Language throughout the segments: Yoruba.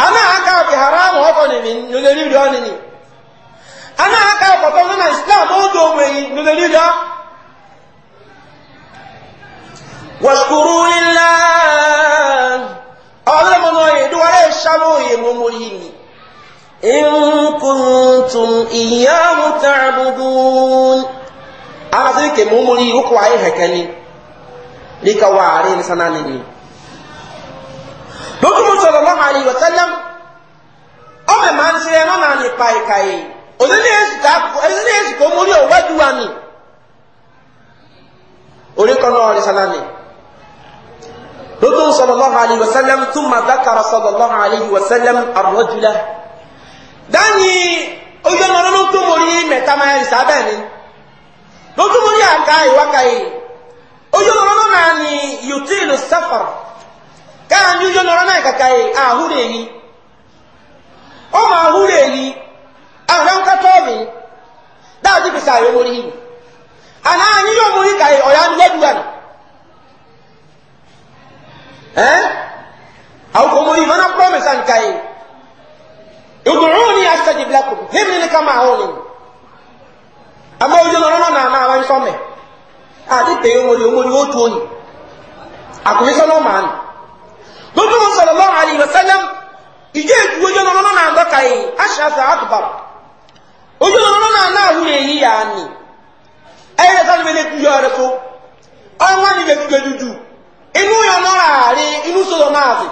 ana aka bi haramu ọkọ ni mi nuleli dọ ni a na aka ọkọtọ nínú islam ó do òwe yìí m dọ. wàṣukuru ńlá ahụ yìí dúwárà ìṣàmú yìí mímú yìí ni. إن ihe إياه تعبدون lókùnmù sọ̀rọ̀ lọ́wọ́ àlè ìwọ̀tẹ́lẹ́m ọmọ ẹ̀ máa ń ṣe ẹran náà ní pàìkàyè òdílé èsì tó mórí òwájú wa ni orí kan náà rí sálámì lókùnmù sọ̀rọ̀ lọ́wọ́ àlè ìwọ̀tẹ́lẹ́m tún máa dákàrà sọ̀rọ̀ lọ́wọ́ àlè ìwọ̀tẹ́lẹ́m àrọ́jùlá dání ojú ọmọ ọlọ́run tó mórí mẹ́ta máa ń sábẹ́ ni lókùnmù ka anyị ụjọ nọrọ na kaka yi ahụrụ ehi ọ ma ahụrụ ehi ahụrụ nkata obi daadị bisa ya omori ibu ana anyị ya omori ka ọ ya nne duwa na ee eh? akwụkwọ omori mana promise nka yi uduruni astajib lakum himni ni kama ahụrụ ama ụjọ nọrọ na na ama nsọ mee adị pe omori omori otu onye akwụkwọ isọ na ụmụ anụ lójú wọn sallallahu alaihi wasallam ìjẹ́ ìdúró ojú ọ̀nà náà dọ́ka yìí aṣáṣá àkùbàrà ojú ọ̀nà náà náà wúre yìí yà á nì ẹ̀yẹ sáré mi lè kú yọ rẹ̀ so ọ̀nà ni bẹ̀ dúdú dúdú inú yọ lọ́ra rí inú sọ̀rọ̀ náà sí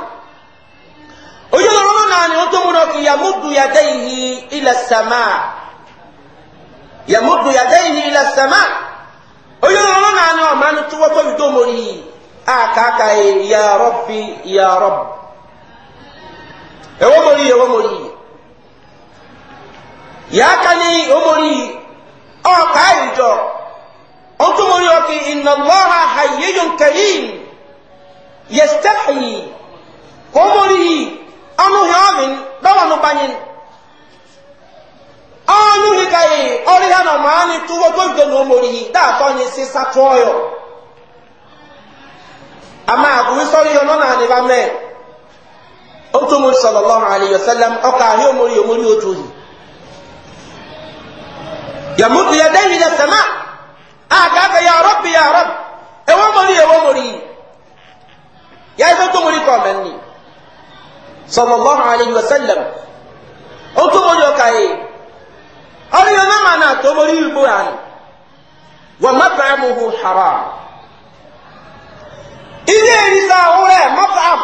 ojú ọ̀nà náà ni ó tó múná kí yàmúdù yadayhi ila samaa yàmúdù yadayhi ojú ọ̀nà náà ni ọ̀ akaka ye ya rabbi ya rabb ewo mori ewo mori ya kani o mori o ka ijo e, o tu mori o ki inna allaha hayyun karim yastahi ko mori anu yamin dawa no banyin anu ni kai ori hana mani tuwo to gbe no mori da to ni sisa to ama abuwi sɔri yɔ nɔna ne ba mɛ o tó mori sɔlɔlɔm alayhi wa sallam ɔka ahi o mori o mori o tó yi yamudu ya dɛyi la sama a kaa fɛ ya rɔbi ya rɔbi ewo mori ewo mori ya yi fɛ tó mori kɔ mɛ ni sɔlɔlɔm alayhi wa sallam o tó mori o ka ye ɔri yɔ nɔma na tó mori yi bo yan wa ma baa mu hu haram ilé ìrìsà òwúrẹ̀ mọ́tàm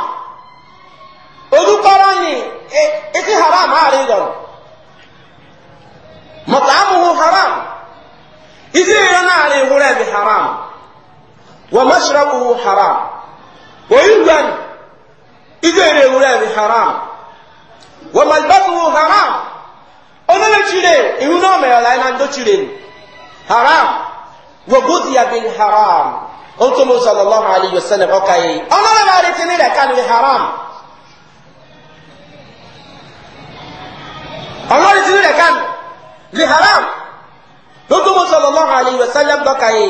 olùkọ́rọ̀ yìí e, etí haram àárín lọ́rọ̀ mọ́tàmùhù haram ilé ìrìnà àárín ìwúrẹ̀ bí haram wọ́n mọ́ṣúrọ̀bùhù haram wọ́n ìlúwẹ̀n ilé ìrìnà ìwúrẹ̀ bí haram wọ́n mọ̀lbẹ́bùhù haram onírèchire ìhun náà mẹ́rọ̀lá iná ń dóchire haram wọ́n bó ti yà bí haram ntoma sallallahu alayhi wa sallam ọka yi ọmọ bẹẹ bá retí ní daka ní haram ọmọ retí ní daka ní haram ntoma sallallahu alayhi wa sallam ọka yi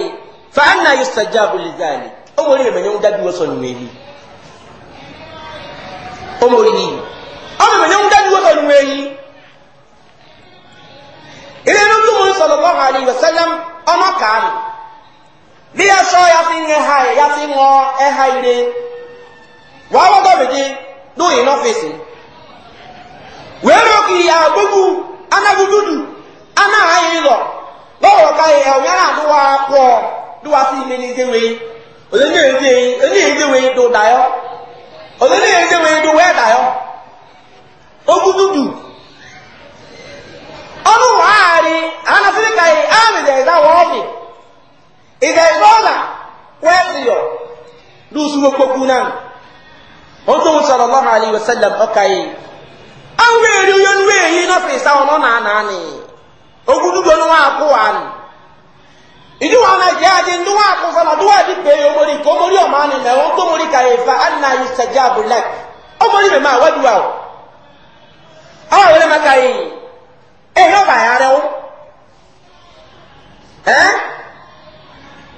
fa anna yi sajja abuli zaani ọmọ rẹ mẹnyẹ ń dábí wọsọ nù wẹni ọmọ rẹ yìí ọmọ mẹnyẹ ń dábí wọsọ nù sallallahu alayhi wa sallam ọmọ kàánù. bí ẹ sọ ya fi ń ẹha ẹ ya fi ń wọ ẹha ire wàá wọ́n dọ̀bìdì lóyìn ní ọ́fíìsì wèé lókì ya gbogbo anagududu anahayi lọ lọ́wọ́ ká yẹ ọ̀nyá náà ló wá pọ̀ ló wá sí ilé ní Ị ga wẹ́ẹ̀sìyọ̀ lóṣù gbogbo náà wọ́n tó ń otu lọ́nà àlè wẹ́sẹ̀lẹ̀m ọkà yìí àwọn èrè oyè ń wé èyí náà fèsà ọ̀nà náà náà ni ogun dúdú ni wọ́n á omori omori fa omori o àwọn ìwé mẹ́ka yìí o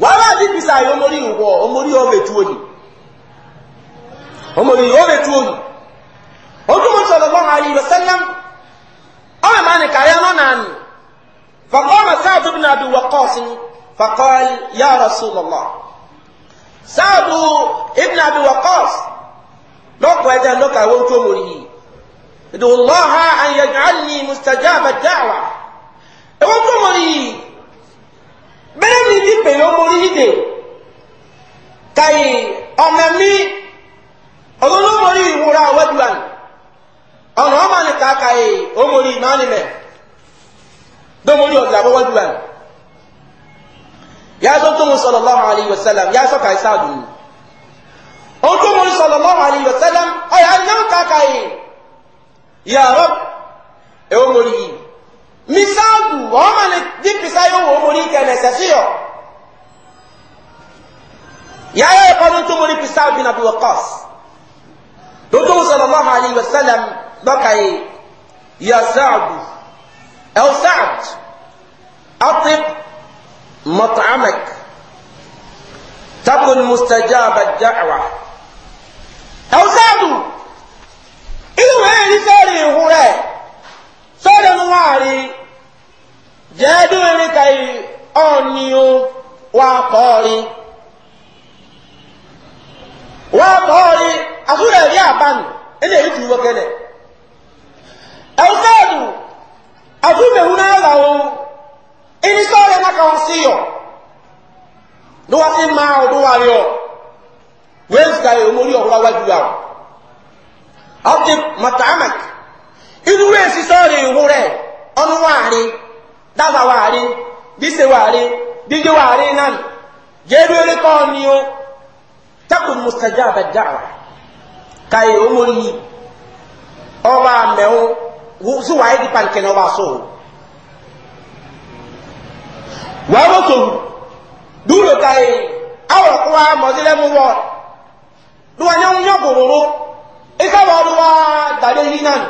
wàhálà àdìgbìsà yìí ọmọ rí ìwọ ọmọ rí ọmọ ètú òyì ọmọ rí ọmọ ètú òyì ojú mo sọ̀rọ̀ lọ́wọ́ ayé ìwé sẹ́lẹ̀m ọmọ ìmọ̀ ni kàyé ọmọ náà nì fàkọ́ ọmọ sáàdù bí nàbí wọ kọ́ọ̀sì ni fàkọ́ yà rọ̀ sí lọ́lọ́ sáàdù ibi nàbí wọ kọ́ọ̀sì lọ́kọ̀ ẹ̀jẹ̀ lọ́kọ̀ àwọn ojú ọmọ rí ìdùnnú lọ́ha àyẹ̀jọ́ bẹ́ẹ̀ ni ti pè ló mórí yíde kàyí ọ̀nà mi olólùmọ̀rí ìwúra wẹ́dùlá ọ̀nà ọmọ nìka kàyí ọmọrí ìmánimẹ̀ dọ́mọrí ọ̀dùlá bọ́ wẹ́dùlá yàtọ̀ tó mu sọ̀rọ̀ lọ́wọ́ àlẹ́ ìwé sẹ́lẹ̀m yàtọ̀ kàyí sáàdùn ohun tó mu sọ̀rọ̀ lọ́wọ́ àlẹ́ ìwé sẹ́lẹ̀m ọ̀yà náà kàkàyí yàrá ẹ̀ ọmọrí yìí misaadu wɔma ne di pisa yi wo mo ni kɛnɛ sɛsi yɔ yaya yɛ kɔdu tó mo ni pisa bi na bi wɔ kɔs dodo sallallahu alayhi wa sallam dɔka yi ya saadu atib mat'amak takun mustajaba da'wa ɛw saadu ilu wɛrɛ ni sɛri ihurɛ sọ́dọ̀ ní wàárí jẹ́ẹ́dù eréka yìí ọ̀ọ́ni o wà kọ́ọ̀rí wà kọ́ọ̀rí àkúrẹ̀ rí àbánu ẹni èyí tùwọ́ kẹlẹ̀ ẹ̀wùsọ́ọ̀dù àkúrẹ̀hù náà là o ẹni sọ́ọ̀rẹ́ náà kàn sí yọ lọ́wọ́ sí máa ọdún wa rí ọ wẹ́ẹ̀sì ká yẹ omori ọ̀húnra wájú wa ọ̀tí mọ̀tàmẹ́kì inú rẹ̀ sísọ́ rẹ̀ ìhun rẹ̀ ọ̀nù wà rí dábà wà rí díṣe wà rí dídí wà rí náà jẹ́rú eré kọ́ ni ó takùn mùsàjà àbẹ̀dá káyé ó mórí ọba mẹ́wọ́ sí wàá yẹ́dí pàǹkì ní ọba sóò wàá bó sòwò dúró káyé awọ̀ kó wa mọ̀dílẹ́ mú wọ̀ lùwà ní kòròró ikáwọ̀ ọdún wa dàdé yìí náà.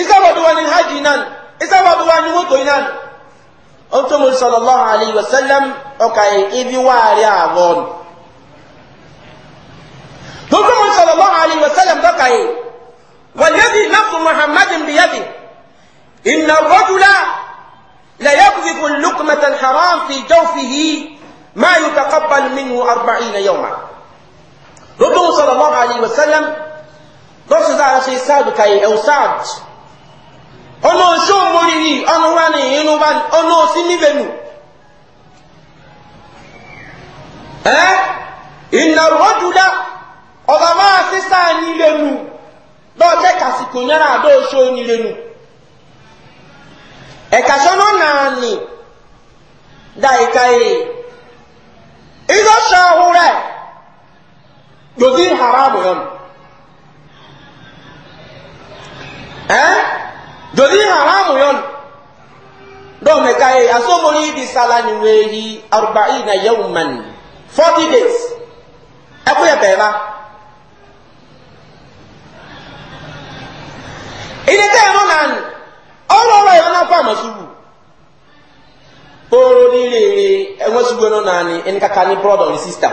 isababu wani hajji nan isababu wani moto nan o tó mo sallallahu alayhi wa sallam ọkà ibi wàárí àwọn tó tó mo sallallahu alayhi wa sallam dọ́kà yìí wàlẹ́bí nafsu muhammadin biyadi inna rọ́júlá ليقذف اللقمة الحرام في جوفه ما يتقبل منه أربعين يوما ربه صلى الله عليه وسلم رسول الله عليه السادة كي أو سعد ọ̀nà ṣó mọ́rìrì ọ̀nà wà ní inú bá ní ọ̀nà sí níbẹ̀ nù. ẹ́ ìnàrọ́dúdá ọba máa sí sáà nílé nù lọ́ọ̀tẹ́ kàsìkò yára àdó ṣó nílé nù. ẹ̀ka sọ́nà náà nì dá ìka yìí ìdọ́ṣọ́ ọ̀húnrẹ́ gbòdì haramu yọnu. ẹ́ eh? dozi haramu yon do me ka ye aso mori di sala ni wehi arba'ina yawman 40 days e ko ye beba ile te no nan oro oro yo na kwa masubu oro ni le le e subu no nan ni en kaka ni brother or sister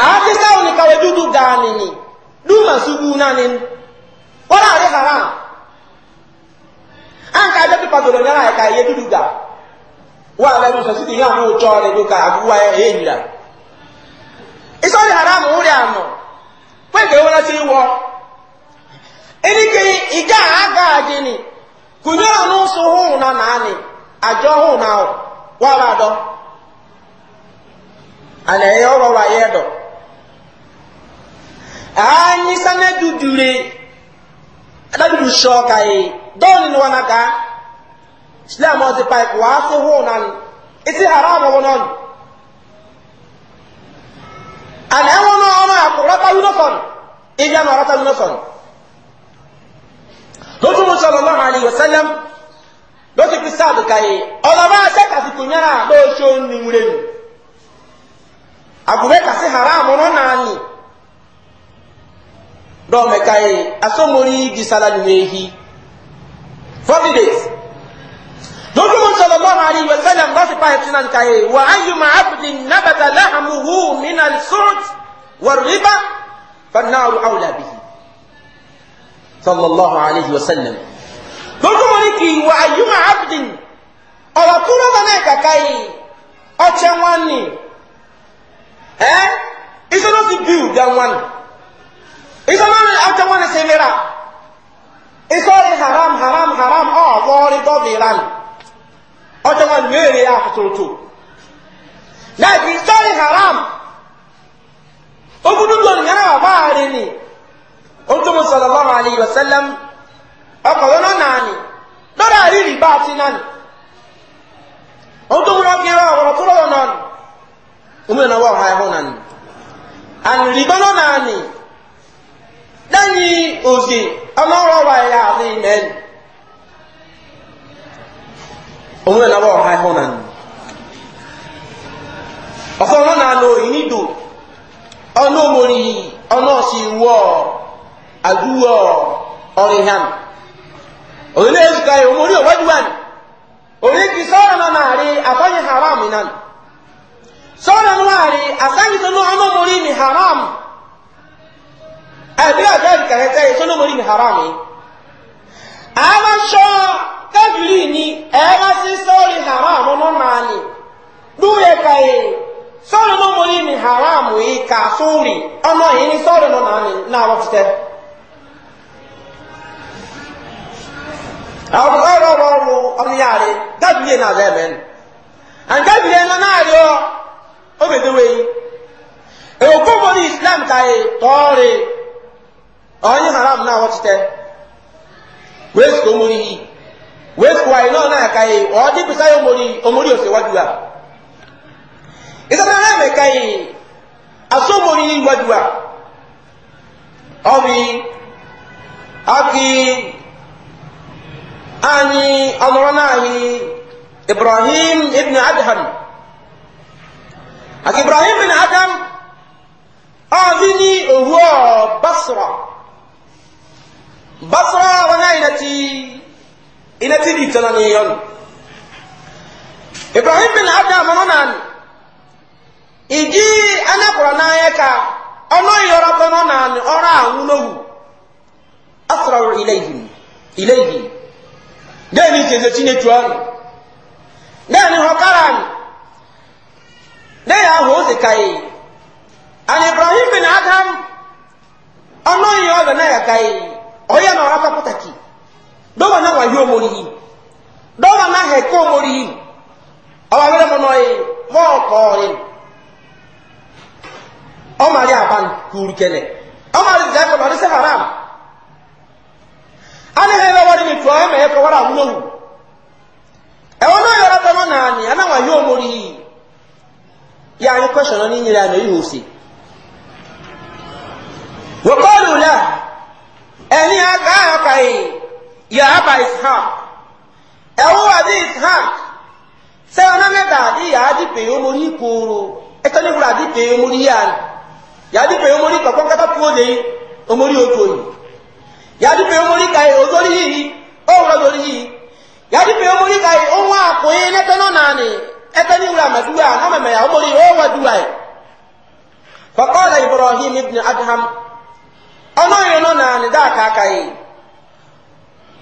afisa oni ka dudu gani ni du masubu nan ni ora haram anka aja pípadòlò nyara yẹ ka ihe dudu ga wà lẹnu sọsí ihe yẹ àwọn òòtsọ rẹ ka ya yẹ yẹ nyira ìsọdí haramu wúri àmọ pẹ́ẹ́kẹ́ wọlé sí wọ ẹnikẹ́ni ìjà àgá àdínì kùnyẹ́ ọ̀nà sọ hóhùn na nàání àjọ hóhùn ọrụ ọrụ ahịa dọ. Anyị dure. adabiru sọ ka ye dɔɔni ni wana ka silamu ɔsi pa ko waa se huu nani isi haram wɔnɔni ana ɛwɔ nɔ ɔnɔ ya ko rata wino sɔni ibi ama rata wino sɔni lótú mu sɔlɔ lɔrùn ali wasalam lótú fi sáàbù ka ye ɔlɔmọ asɛ kasi kunyara lóò sɔ agube kasi haram nɔ naani. dɔw mɛ ka ye asomori disala numehi forty days dojumu sallallahu alayhi wa sallam ba fi paayi tunan ka ye wa ayuma abdi nabata lahamuhu minal surt wa riba fannaaru awla bihi sallallahu alayhi wa sallam dojumu ni ki wa ayuma abdi ɔlɔ kuro bana ka ka ye ɔkyɛ wani ɛ isoro si biu da wani ata wọn ṣe mìíràn ìsọ̀rí haram haram haram ọ̀bọ̀rí dọ́bìran ọjọ́ wọn mìíràn yà kòtòròtò láti ìsọ̀rí haram ogudu lónìí yẹn wà báàrin ni ojúmọ̀ sallallahu alayhi wa sallam ọkọ̀ wọn náà ni lọ́dọ̀ àríyìn bá a ti náà ni ojúmọ̀ lọ́kì rẹ̀ ọ̀rọ̀ kúrò náà ni omi ìnáwó ọ̀hán ẹ̀họ́ náà ni àrùn ìbọn náà ni lẹ́yìn òsì ọlọ́rọ̀wà ẹ̀yà àti ìmẹ́ni òun ẹ̀nà wọ́n ọ̀há ẹ̀họ́ náà ni ọ̀fọ́ wọn náà lọ ìnídò ọ̀nà òmòrì ọ̀nà ọ̀sì wọ́ àdúwọ̀ ọ̀rìhàn òrìlẹ̀ èzùká ẹ̀ òmòrì ọ̀wẹ́dùwà ni òrìlẹ̀ kì sọ́ọ̀rọ̀ náà náà rí haram náà sọ́ọ̀rọ̀ náà rí àsáyìí tó ní ọ̀nà òmòrì ni haram àbílẹ̀ àdáàbì kàrẹ́tẹ́ ìsọ́nàmọ́rí ní haram yìí àwọn aṣọ kábìrì ni ẹ̀rọ sí sọ́ọ̀rì haram ọmọ máa lè lúwẹ̀ kàyè sọ́ọ̀rì mọ́mọ́rí ní haram yìí kà sóòrì ọmọ yìí ní sọ́ọ̀rì náà náà wọ́n ti tẹ́. àwọn ọ̀rọ̀ ọ̀rọ̀ ọ̀rọ̀ ọmọ yàrá rẹ̀ kábìrì náà bẹ́ẹ̀ mẹ́rin àǹkábìrì náà náà rí ọ ó bèbè wẹ̀yìn èkó mọ́ ní islam kàyè tọ́ọ̀rì ọnye haram na awọchite wee sika omori yi wee sika wayo náà náà kayi ọdí bisa yi omori omori ose wadua ìsọdọ náà mẹ kayi aso omori yi wadua ọbi aki anyi ọmọrọ náà yi ibrahim ibn adham aki ibrahim ibn adham ọbi ni òwúọ basra basra wanga inati inati di tanani yon ibrahim bin adam nonan iji anakura na ayaka ono yoro kono nan ora awunowu asra ilayhim ilayhi dani keze tine tuan dani hokaran dai aho se an ibrahim bin adam ono yoro na ayaka ọyẹ na ọrọ pàtàkì dọwọ náà wà yí omori yìí dọwọ náà hẹ kó omori yìí ọwọ abẹrẹ mọ náà yìí wọn kọ ọyẹ ọmọ àrí àbán kúrú kẹlẹ ọmọ àrí ìjà kọlọ ọdún mi tù ọyẹ mẹ ẹkọ wọlé àwọn òwú ẹwọ náà yọrọ tọmọ náà ni omori yìí yà á yẹ kọsàn náà ní nyìlẹ àná yìí hò sí. ẹni agáyà kàyè yàrá ishaq ẹwọ́ adé ishaq sẹ ọ̀nà mẹ́ta adé yàrá adé pèé omori kóró ẹtọ́ ní kúrò Ya pèé omori yàrá yàrá adé pèé omori kọ̀kọ́ kátà kúrò lé omori ojú òyìn yàrá adé pèé Ya kàyè omori yìí ọ̀wúrọ̀ lórí yìí yàrá adé pèé omori kàyè ohun àkóyè nẹ́tọ́ náà nàní ẹtọ́ ní kúrò àmàdúrà náà mẹ́mẹ́ yàrá omori ọ̀wọ́ dúrà yìí kọ̀kọ́ ọmọ yẹn nọ na ní aka aka yìí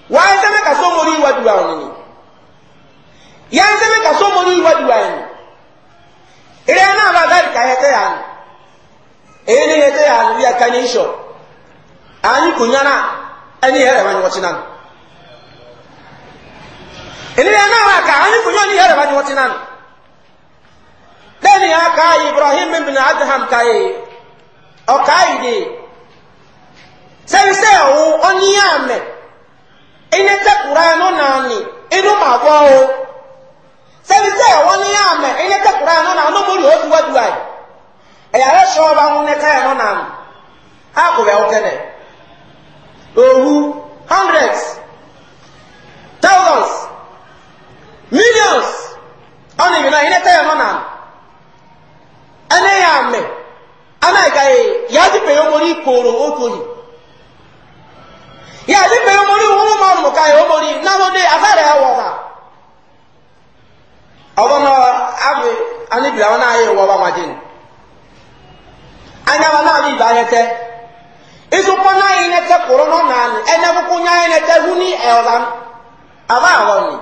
wàá ẹsẹ mẹka sọ mọ ní ya ni yà ka mẹka sọ mọ ní ìwà na yẹn ìrẹ náà bá dáàkà ká yẹtẹ yà ni èyí ni yà ni bí aka ní sọ àyìn kò nyana ẹni yẹrẹ aka ni ibrahim bin adham ká yìí ọ̀ká yìí dè. sɛnsɛ wo onye ihe ame tɛ kura no naani ịnụ ma o sɛnsɛ wɔnyia mɛ ɛnɛ tɛ kura no naani ɔno mo lɛ oduwa duwa yi ɛyàrá sɔ ɔba ho nɛ káyɛ ha naani ya ɔkɛ owu hundreds thousands millions na ya yàtí mẹ́rin mo ní wọ́n máa mú ká yóò borí náwọ́dé afẹ́rẹ́ ẹ̀ wọ̀ta. ọgbọ́n náà awi anibira wọn náà yẹ wọ́n bá wọn dín. anyama náà bí ibà tẹ. ìsopọ náà yẹn tẹ kóró náà náà ni ẹnẹkùkù náà yẹn tẹ hu ní àbá àwọn ni.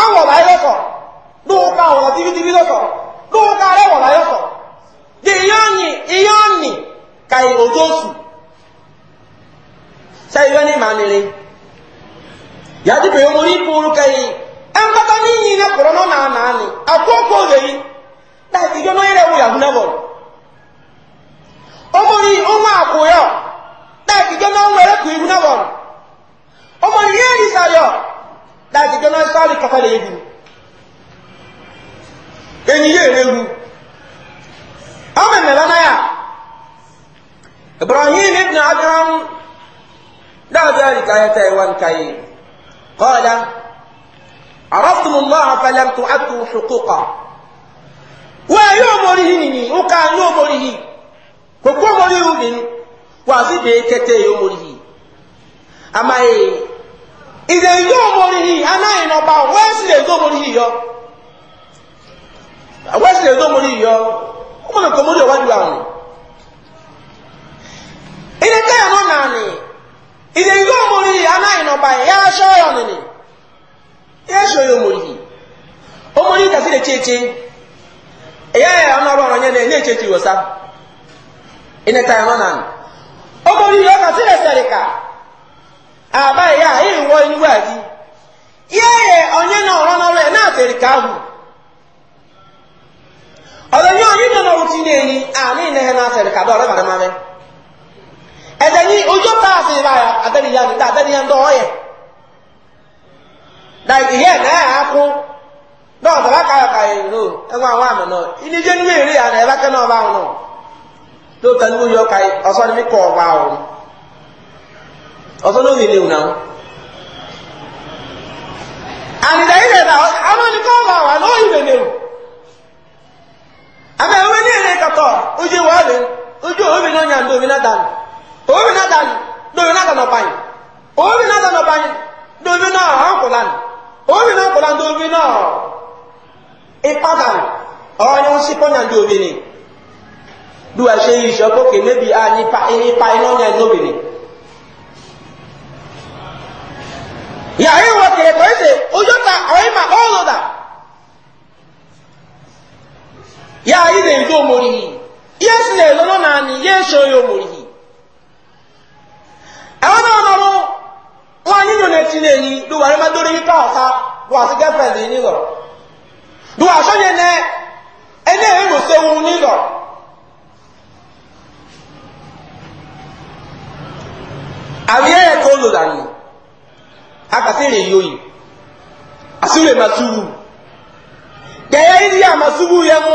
àwọn lóò ká tibitibi lóò ká sai wani mamiri ya ji bai muri buru kai an bata ni yi na korono na na ni akoko yi da ki jono ire wu ya huna bo o muri o ma ko yo da ki jono were ku huna bo o muri ye ni sa yo da ki jono sa ri ka fa le yi eni ye re wu amen na na ya ibrahim ibn adram لا ذلك يتيوان كاين قال عرفتم الله فلم تؤدوا حقوقا ويومره ني وكان يومره كوكومره يومين وازي بيكته يومره اما ايه اذا يومره انا ينبا واسل يومره يو واسل يومره يو ومن كومره واجوا عنه إذا كان هنا ìdè ìgbé òmòrì anáyìnàbà yà aṣọ ọyọ nìní yà aṣọ ọyọ òmòrì yìí òmòrì kàfi lè tseetse ẹ̀yà yà ọ̀nà ọ̀rọ̀ ọ̀nyẹ́ nìyẹn ní ètseetse wò sá ẹ̀nẹ́ ta ẹ̀họ́ nà òmòrì yà lè sẹ̀rì ká àbá yà yà ìwọ inú àdí yà yà nà ọ̀rọ̀ ọ̀rọ̀ ká hù nà ọ̀rọ̀ ẹ̀dẹ̀ni ojú paasi báyà àtẹnìyá ni àtẹnìyá ń dọ̀ ọ́ yẹ. na ìyẹ́ ẹ̀ náà akú náà bàbá kayọ̀ kayọ̀ ìró ẹ̀wọ̀n àwọn àmì náà ìníjẹ́ ní èrè àná ẹ̀bá kẹ́ náà bá wọn náà tó tẹnu yọ ka ọsọ ni mi kọ ọba ọhún ọsọ ní omi ni ònà àdìdà ilẹ̀ náà ọmọ ní kọ́ ọba wà lóyún ìrẹ̀lẹ̀ o àmì ẹ̀wọ̀n ní èrè kàtọ́ ojú wọ́ọ̀lù ojú òmìnira ọ̀nyà ndó òmìnira dànù obi na dan dobi na dan ọban obi na dan ọban dobi na ọkụlan obi na ọkụlan dobi na ịpadan ọnyụ nsị pọnya ndị obìnrin duwa ṣe yìí ṣọpọ kèlébi anyị pa ipa iná ọnyà ndị obìnrin. yàrá ìwọ kèrè kọ́ ẹsẹ̀ ojú ta ọ̀rẹ́ mà ọ̀lọ́dà yàrá ìdè ìdó omori yìí yẹ́sì lè lọ́nà nàní yẹ́ ṣọ́ omori yìí. ẹ̀wọ́n náà máa mú wọn nínú nẹtí lè ní ló wà ní dórí yíká ọ̀tá wà sí gẹ́fẹ̀ẹ́dì nílọ̀ ló wà sọ́yẹ nẹ ẹni èyí ló séwu lọ àwọn ẹ̀yẹ kó lò dànù akàtí rè yóyì àsìwè máa túwù gẹ̀yẹ ya àmà túwù yẹ mú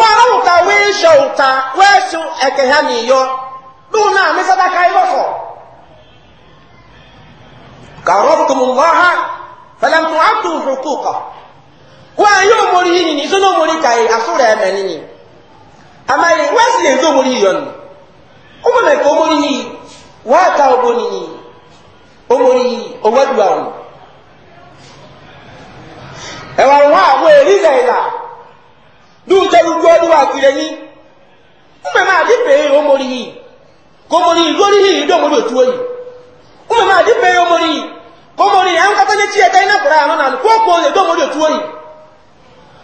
wàhálùkà wíṣọ òta wẹ́ṣọ ẹ̀kẹ̀hẹ́ nìyọ lóun náà mi ká irọ́ sọ. kàrọ́bùkù mu ha fẹlẹ́mu àdùn òkú kọ. wọ́n á yóò yìí nìyí sọ́nà mórí ka yìí àsúrẹ̀ ẹ̀mẹ̀ nìyí. àmà yìí wọ́n sì lè ń tó mórí yìí yọnu. ó mọ̀ yìí nìyí. yìí ẹ̀wọ̀n wọn dúdé rúgbó ọdún àkìlẹ̀ ní ọmọ máa a pé ọmọrí yìí kò mọrí lórí yìí dọ̀ mọrí òtúwọ́ yìí ọmọ máa dí pé ọmọrí yìí kò mọrí à ń kọ́tọ́ ní tí ẹ̀ka iná kọ̀ọ̀rọ̀ àwọn náà kó lè dọ̀ mọrí yìí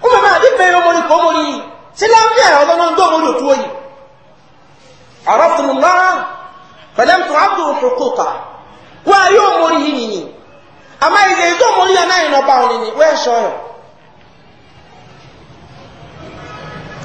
ọmọ máa dí pé omori yìí ọ̀dọ́ náà yìí nìyí àmọ́ náà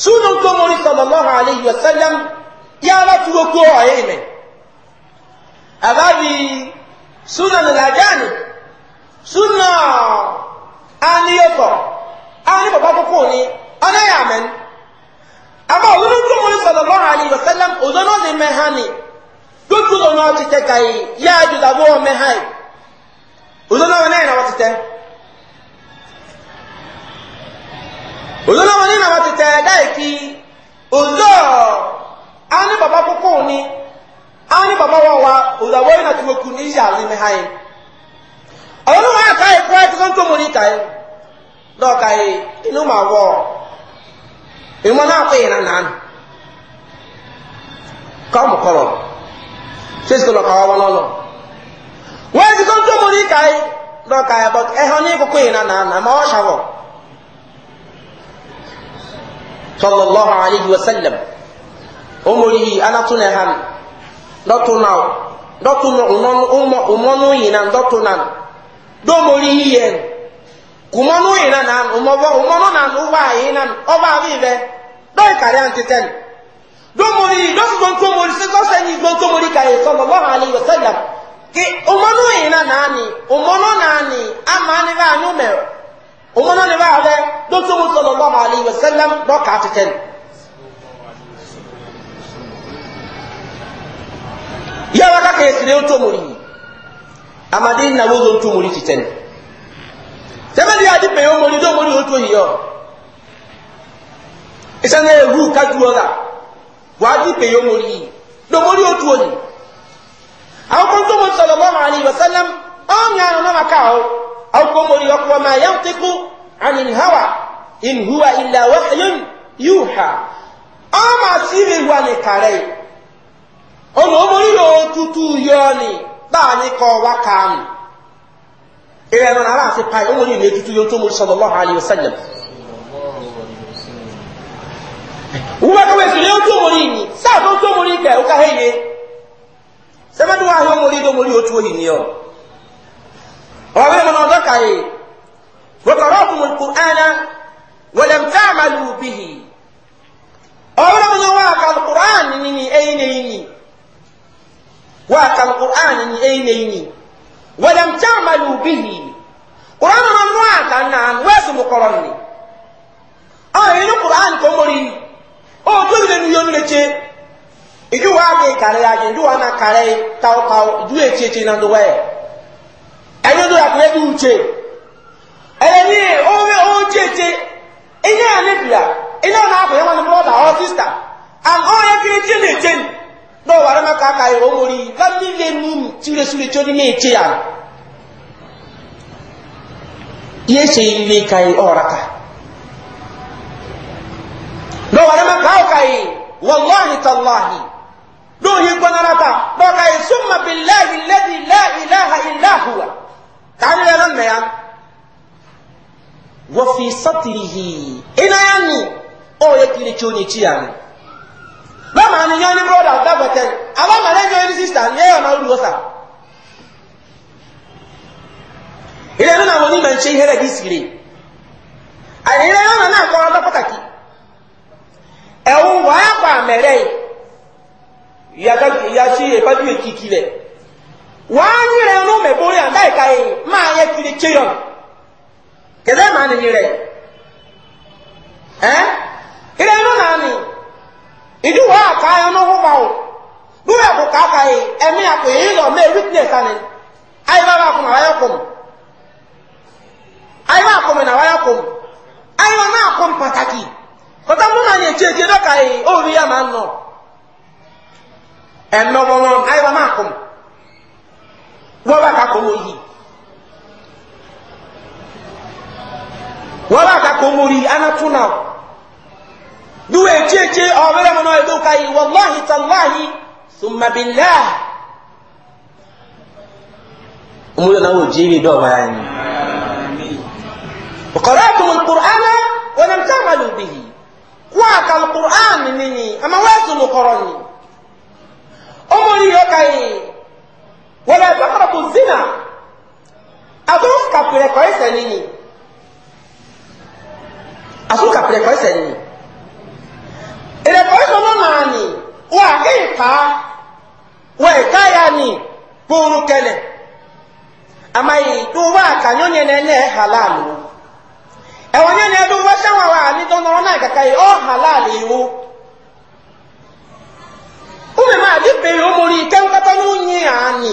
sunan tó mọ́rí sallallahu alayhi wa sallam yára tó kó ọ̀yẹ́ ìmẹ̀ àbábi sunan làjáni sunan aniyọ̀tọ̀ ani bàbá kókó ni ọ̀nàyà mẹ́n àbá olórí tó mọ́rí sallallahu alayhi wa sallam òzọ́nà ọ̀dẹ mẹ́hà ni dókítà ọ̀nà ọ̀títẹ́ kàyé yáa jù dàbọ̀ mẹ́hà yìí òzọ́nà ọ̀nà ẹ̀ náà wọ́n ti tẹ́. òzòlò wọn ní nàwọn tètè ẹ̀dá ìkí òzò àwọn ní bàbá ni àwọn ní bàbá wọn wa òzò yìí nà tó wọ ní ìyá àlè mi yìí àwọn ní wọn ẹ̀kọ́ ẹ̀ tó ń tó ní inú mà ìmọ̀ náà kó yìí kọ́mù kọ́rọ̀ ṣé lọ́lọ́ wọ́n tó ń tó ní ẹ̀họ́ ní kókó yìí sallallahu alaihi wasallam omorihi anatuna han na dɔtuna umɔnu umɔ umɔnu yina dɔtuna domorihi yɛn kumɔnu yina nan umɔbɔ umɔnu nan uba yina ɔba bi bɛ dɔyi kari an titɛn ni ka ye sallallahu ke umɔnu yina umɔnu òun náà ní báyà bẹ dótòwò sọlọ lọ́mọ àlè ìwé sẹ́lẹ̀m dọ́kà tẹ̀tẹ̀ ni. yàrá kàkà èsìlè ó tó mòrì yìí àmàdé ìnáwó ló tó mòrì tẹ̀tẹ̀ ni. tẹ́mẹ́lì àdìpẹ̀ yóò mòrì dó mòrì ó tó yìí yọ. ìsẹ́nà ewu kájú ọ̀la wà á dìpẹ̀ yóò mòrì yìí dó mòrì ó tó yìí. àwọn kọ́ńtò wọn sọlọ lọ́mọ àlè ìwé sẹ́lẹ̀m ọ̀ aw ko mori wa ko ma yantiqu anil hawa in huwa illa wahyun yuha ama si mi wa ni kare ono mori yo tutu yo ni ba ni ko wa kan ire no ara se pai o mori ni tutu yo to mo sallallahu alaihi wasallam uwa ko we yo to mori ni sa to to mori ke o ka heye sema do wa ho mori do mori o to hi ni o ọ̀rẹ́ mọ́nà ọ̀dọ́ kàyé wọ́kọ̀rọ́ kùmù kùránà wọ̀lẹ̀m tá a máa lù bìhì ọ̀rẹ́ mọ́nà wà kàlù kùránì nìyí ẹ̀yìn ẹ̀yìn wà kàlù kùránì nìyí ẹ̀yìn ẹ̀yìn wọ̀lẹ̀m tá a máa lù bìhì kùránì wọn nù àtà náà wẹ́ẹ̀sì mu kọ̀rọ̀ nì ọ̀rẹ́ inú kùránì kò mórí ó tó lè nu yọnu lẹ́kẹ́ ìdúwà á kẹ́ kàrẹ́ àjẹ́ ìdúwà náà kàrẹ́ tàwọ̀tàwọ̀ ìdúwà èkìyèkìyè náà tó wáyẹ̀ ɛnyɛ do akoya bi wukye ɛyɛ ni ɔwɛ ɔwɔkyekye ɛnyɛ ɛne bia ɛnyɛ ɔna akoya wɔn brɔda ɔwɔ sista and ɔyɛ kiri kye ne kye ni na ɔware ma kaka yɛ wɔn wori fami le nu tiwure sure kye ni ne kye ya yɛ kye yi ne ka yi ɔraka na ɔware ma kaka yi wɔlɔhi talahi. دوه قنرتا دوه ثم بالله الذي لا إله إلا هو karịrịla nna ya wofi satirihi ịna ya nụ oye kirichi onye chi ya nụ bẹ́ẹ̀ ni yẹn ní broda dàgbẹ̀tẹ̀ abámalẹ̀ yẹn ní sista ní ẹ̀yọ̀ náà olùwọ́ sà ilé nínú àwọn onímọ̀ ń ṣe ihe rẹ̀ yìí sire àyẹ̀yẹ̀ yẹn náà náà wanyere no mebori anda ikaye ma ye kiri cheyo kede ma ni nire eh ire no na ni idu wa aka yo no ho bawo du ya ko ka ka yi emi ya ko yi lo me witness ani ai ba ba ko ma ya ko ai ba ko na wa ya ai wa na ko pataki ko ta mo na ni che je do ka yi o ri ya ma no en no bo no ai wa na wọ́n bá kakọ̀ wọ́n yìí wọ́n bá kakọ̀ wọ́n yìí anatu náà duwe tiẹtiẹ ọ̀bẹ̀rẹ̀ mọ́nà ẹ̀dọ́ ka yìí wàláhi tàláhi sùmàbìlá ọmọdé náà wò jírí dọ́ọ̀bà yẹn ọ̀kọ̀rọ̀ àtúmọ̀ kùránà wọn nà ń tẹ́ àmàlù bìyì kó àkàlù kùránà nìyí àmà wọ́n ẹ̀sùn ni ọmọdé yóò ka wala taqrabu zina asun kapere kɔ ɛsɛ nini asun kapere kɔ ɛsɛ nini ɛrɛ kɔ ɛsɛ no naa ni ya ni kporu kɛlɛ ama yi do wa ka nyɔ nyɛ nɛ nɛ halal wo ɛwɔ nyɛ nɛ do wa sɛ wa wa ni dɔnɔ na kaka yi ɔ halal yi wo ume ma adi pe yi o mori ni o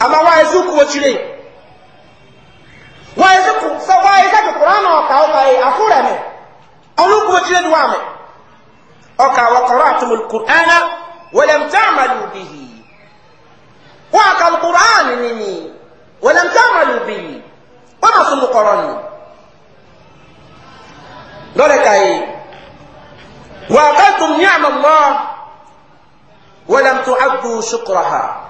ama wayezu kuwokyire wayezu ku sɛ wayeza ke koraa na ɔka woka yi e, akorɛ me ɔno kuwokyire de wa me ɔka wakaratum alqur'ana walam ta'malu bihi waka alqur'an nini walam ta'malu bihi wama so mokɔrɔ no lɔre ka yi وأقلتم نعم الله ولم تعدوا شكرها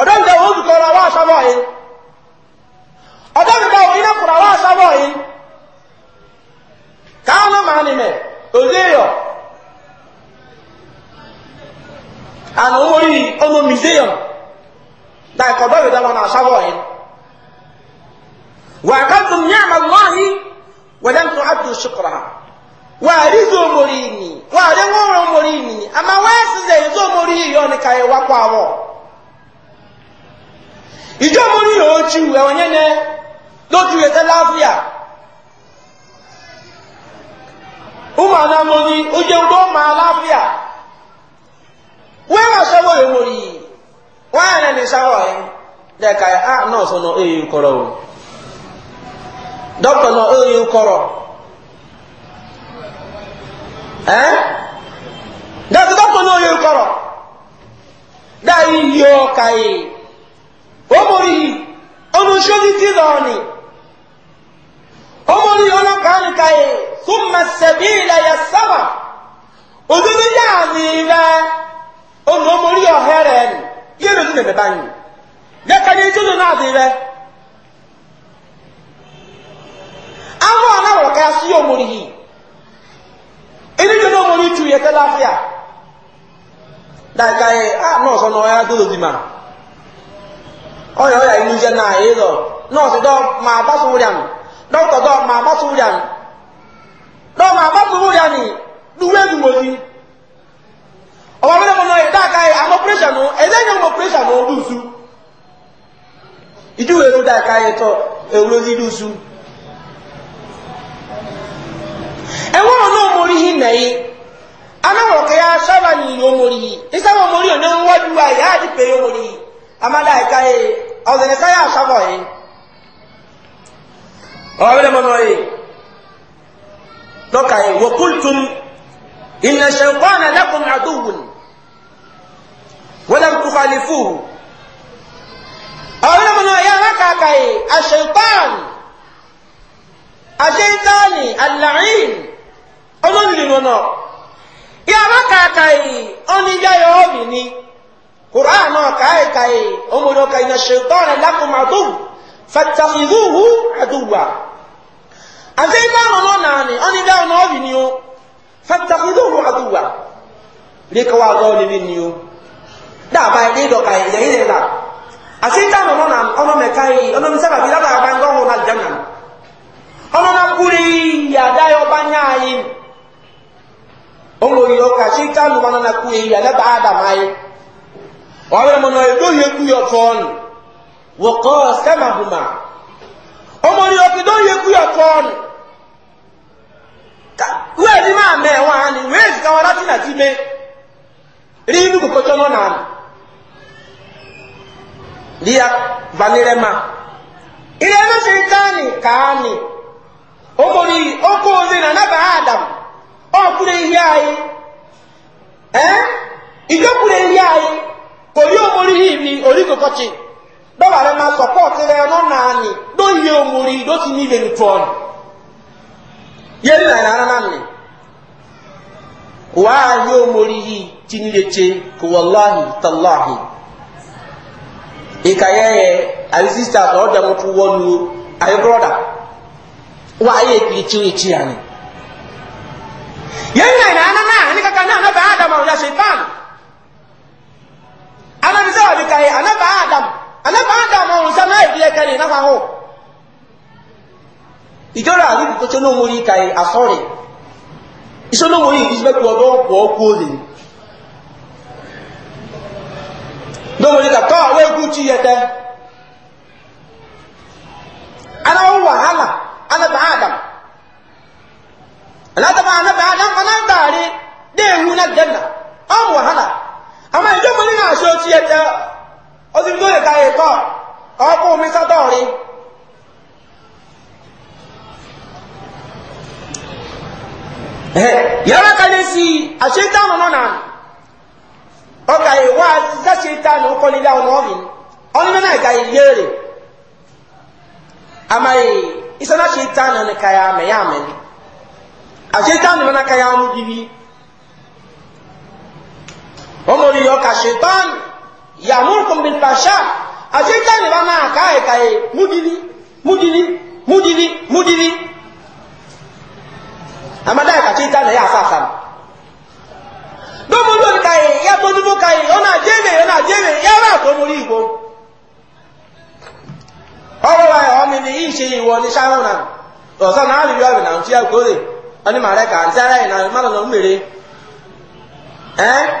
ọ̀dọ́ǹdà wọn oṣù kọrọ wá aṣọ bọ́ọ̀yì ọ̀dọ́ǹdà wọn iná kọrọ wá aṣọ bọ́ọ̀yì Ka máa nìmẹ̀ òzéyọ̀ àná orí ọmọ mìzéyọ̀ náà ẹ̀kọ́ dọ́wìdá wọn aṣọ bọ́ọ̀yì wà á kàtó ní àmà lọ́ọ̀hí wẹ̀dẹ́ tó á tó ṣukura wà á rí mori wà á rí àmà wọ́n ẹ̀ ìjọ mo ní ojú ẹ̀wọ̀n yẹn nẹ lójú ẹ̀tẹ́ láfíà umar náà mo ní ojú ẹ̀wọ̀n tó máa láfíà wẹ́wà sọ́wọ́ èwo rí wọ́n á yẹn ní sáwọ́ ẹ̀ dẹ́ka ẹ̀ á náà sọ náà èyí kọ̀rọ̀ o dọ́kítọ̀ náà èyí kọ̀rọ̀ ẹ́ dọ́kítọ̀ náà èyí kọ̀rọ̀ dáa yíyọ kàyé omori onusobi ti lɔɔni omori ɔlɔkaani ka ye suma sɛbiila ya saba odidi yaani bɛ onu omori ɔhɛrɛ ni yɛrɛ ni nɛmɛ bani ne ka ni tuntun naa di bɛ awo ana wɔ ka si omori yi ɛni jɛ n'omori tu yɛ tɛ lafiya ah, daga ye a di ma ọ̀rẹ́ ọ̀rẹ́ inú jẹ́ náà èèlọ nọ́ọ̀sì dọ́ máa bá sùn rìàn dọ́kítọ̀ dọ́ máa bá sùn rìàn dọ́ máa bá sùn rìàn ní dúwé dùwòsí ọ̀wọ́ mi lọ́mọ náà dáka yìí àwọn operation nù ẹlẹ́yìn àwọn operation nù lùsù ìdíwò èrò dáka yìí tọ èrò sí lùsù. ẹ̀wọ́n wọn náà mórí yìí nẹ̀yìn anáwọ̀ kẹ́yà sábà ní ìlú omori yìí ìsábà omori yìí ọ̀nà ń wájú wa ìyá àdìpẹ́ omori yìí amalaika ye ɔzɛnɛ ka y'a sabɔ ye ɔbɛnɛ mɔnɔ ye dɔka ye wakultum inna shaitana lakum aduwwun walam tukhalifuhu ɔbɛnɛ mɔnɔ ye ala k'a ka ye a shaitan a shaitani a la'in ɔmɔ nili mɔnɔ ye ala k'a ka ye ɔnijayɔ ɔbi ni. قرآن كاي كاي أمر كاي إن الشيطان لكم عدو فاتخذوه عدوا أزاي ما رمانا أني أني لا نوبينيو فاتخذوه عدوا لك وعدوني بنيو دا باي دي دو كاي إذا إذا لا أزاي ما رمانا أنا مكاي أنا مسابة بلا دا بانغو هنا الجنة أنا نقولي يا دايو بانياين أمر يوكا شيطان وانا نقولي يا لبعادة مايو ọ̀rẹ́ mọ̀nà na edoghi ekwu ya wọ̀kọ́ sẹ́màhùmà ọmọ ni ọtí dóhìí kú yọ fọ́n wíwẹ̀ ní máa mẹ́ wọn á ní wíwẹ̀ anyị káwọn láti dị na mẹ́ a balẹ̀rẹ̀ ma ilé ẹni Ka anyị. káàní káàní ọmọ ozi na na nà anyị. orí yi yìí ni orí kòkó tsi dọ́wà rẹ̀ máa sọ̀pọ̀tì rẹ̀ lọ́nà ànyì ló yẹ omori ló ti ní ìbẹ̀rù ni yẹ́nì náà rárá náà nì wàá yẹ omori yìí ti ní lè tse kò wàláhì tàláhì ìkàyẹ yẹ àyè sísá ọ̀dà mọ̀tò wọ́nu àyè bọ́dà wàá yẹ kiri yà ni yẹ́nì náà rárá náà ní kankan náà anam sɛ wɔde kae anaba adam anaba adam ɔhun sɛ n'ayɛ bi ɛka ne nafa ho ìjọba àti ìkókó ní òmòrí kae asɔre iṣẹ́ ní òmòrí yìí bẹ́ẹ̀ kúrò dọ́wọ́ kúrò kú òde dọ́wọ́ yìí kàtọ́ àwọn ikú tí yẹ tẹ́ anáwó wàhálà anaba adam anaba anaba adam anaba àrí dé ewu náà jẹ́ nà ɔn wàhálà. àmọ́ ìjọ mo ní náà ṣe oṣù ọdún tó lè ka èkó ọkọ mi sọ́tọ̀ rí. yàrá kan ní sí àṣetánù náà ọkà ìwà sàṣetánù kọ́nilá ọ̀nà ọ̀hìn ọ̀nà náà ìka ìlérè ama yi isana shetani ne kaya ame ya ame ni a shetani mana kaya ɔmu omori yɔ ka setan yamurkum bil fasha asetan yɛrɛ naa kaa yi mudili mudili mudili mudili amada yi ka e ka e, ya bodumo ka ye ɔna e, jebe ɔna jebe yaba igbo ɔwɔ wa yɛ na ɔsán náà na ntí akore ka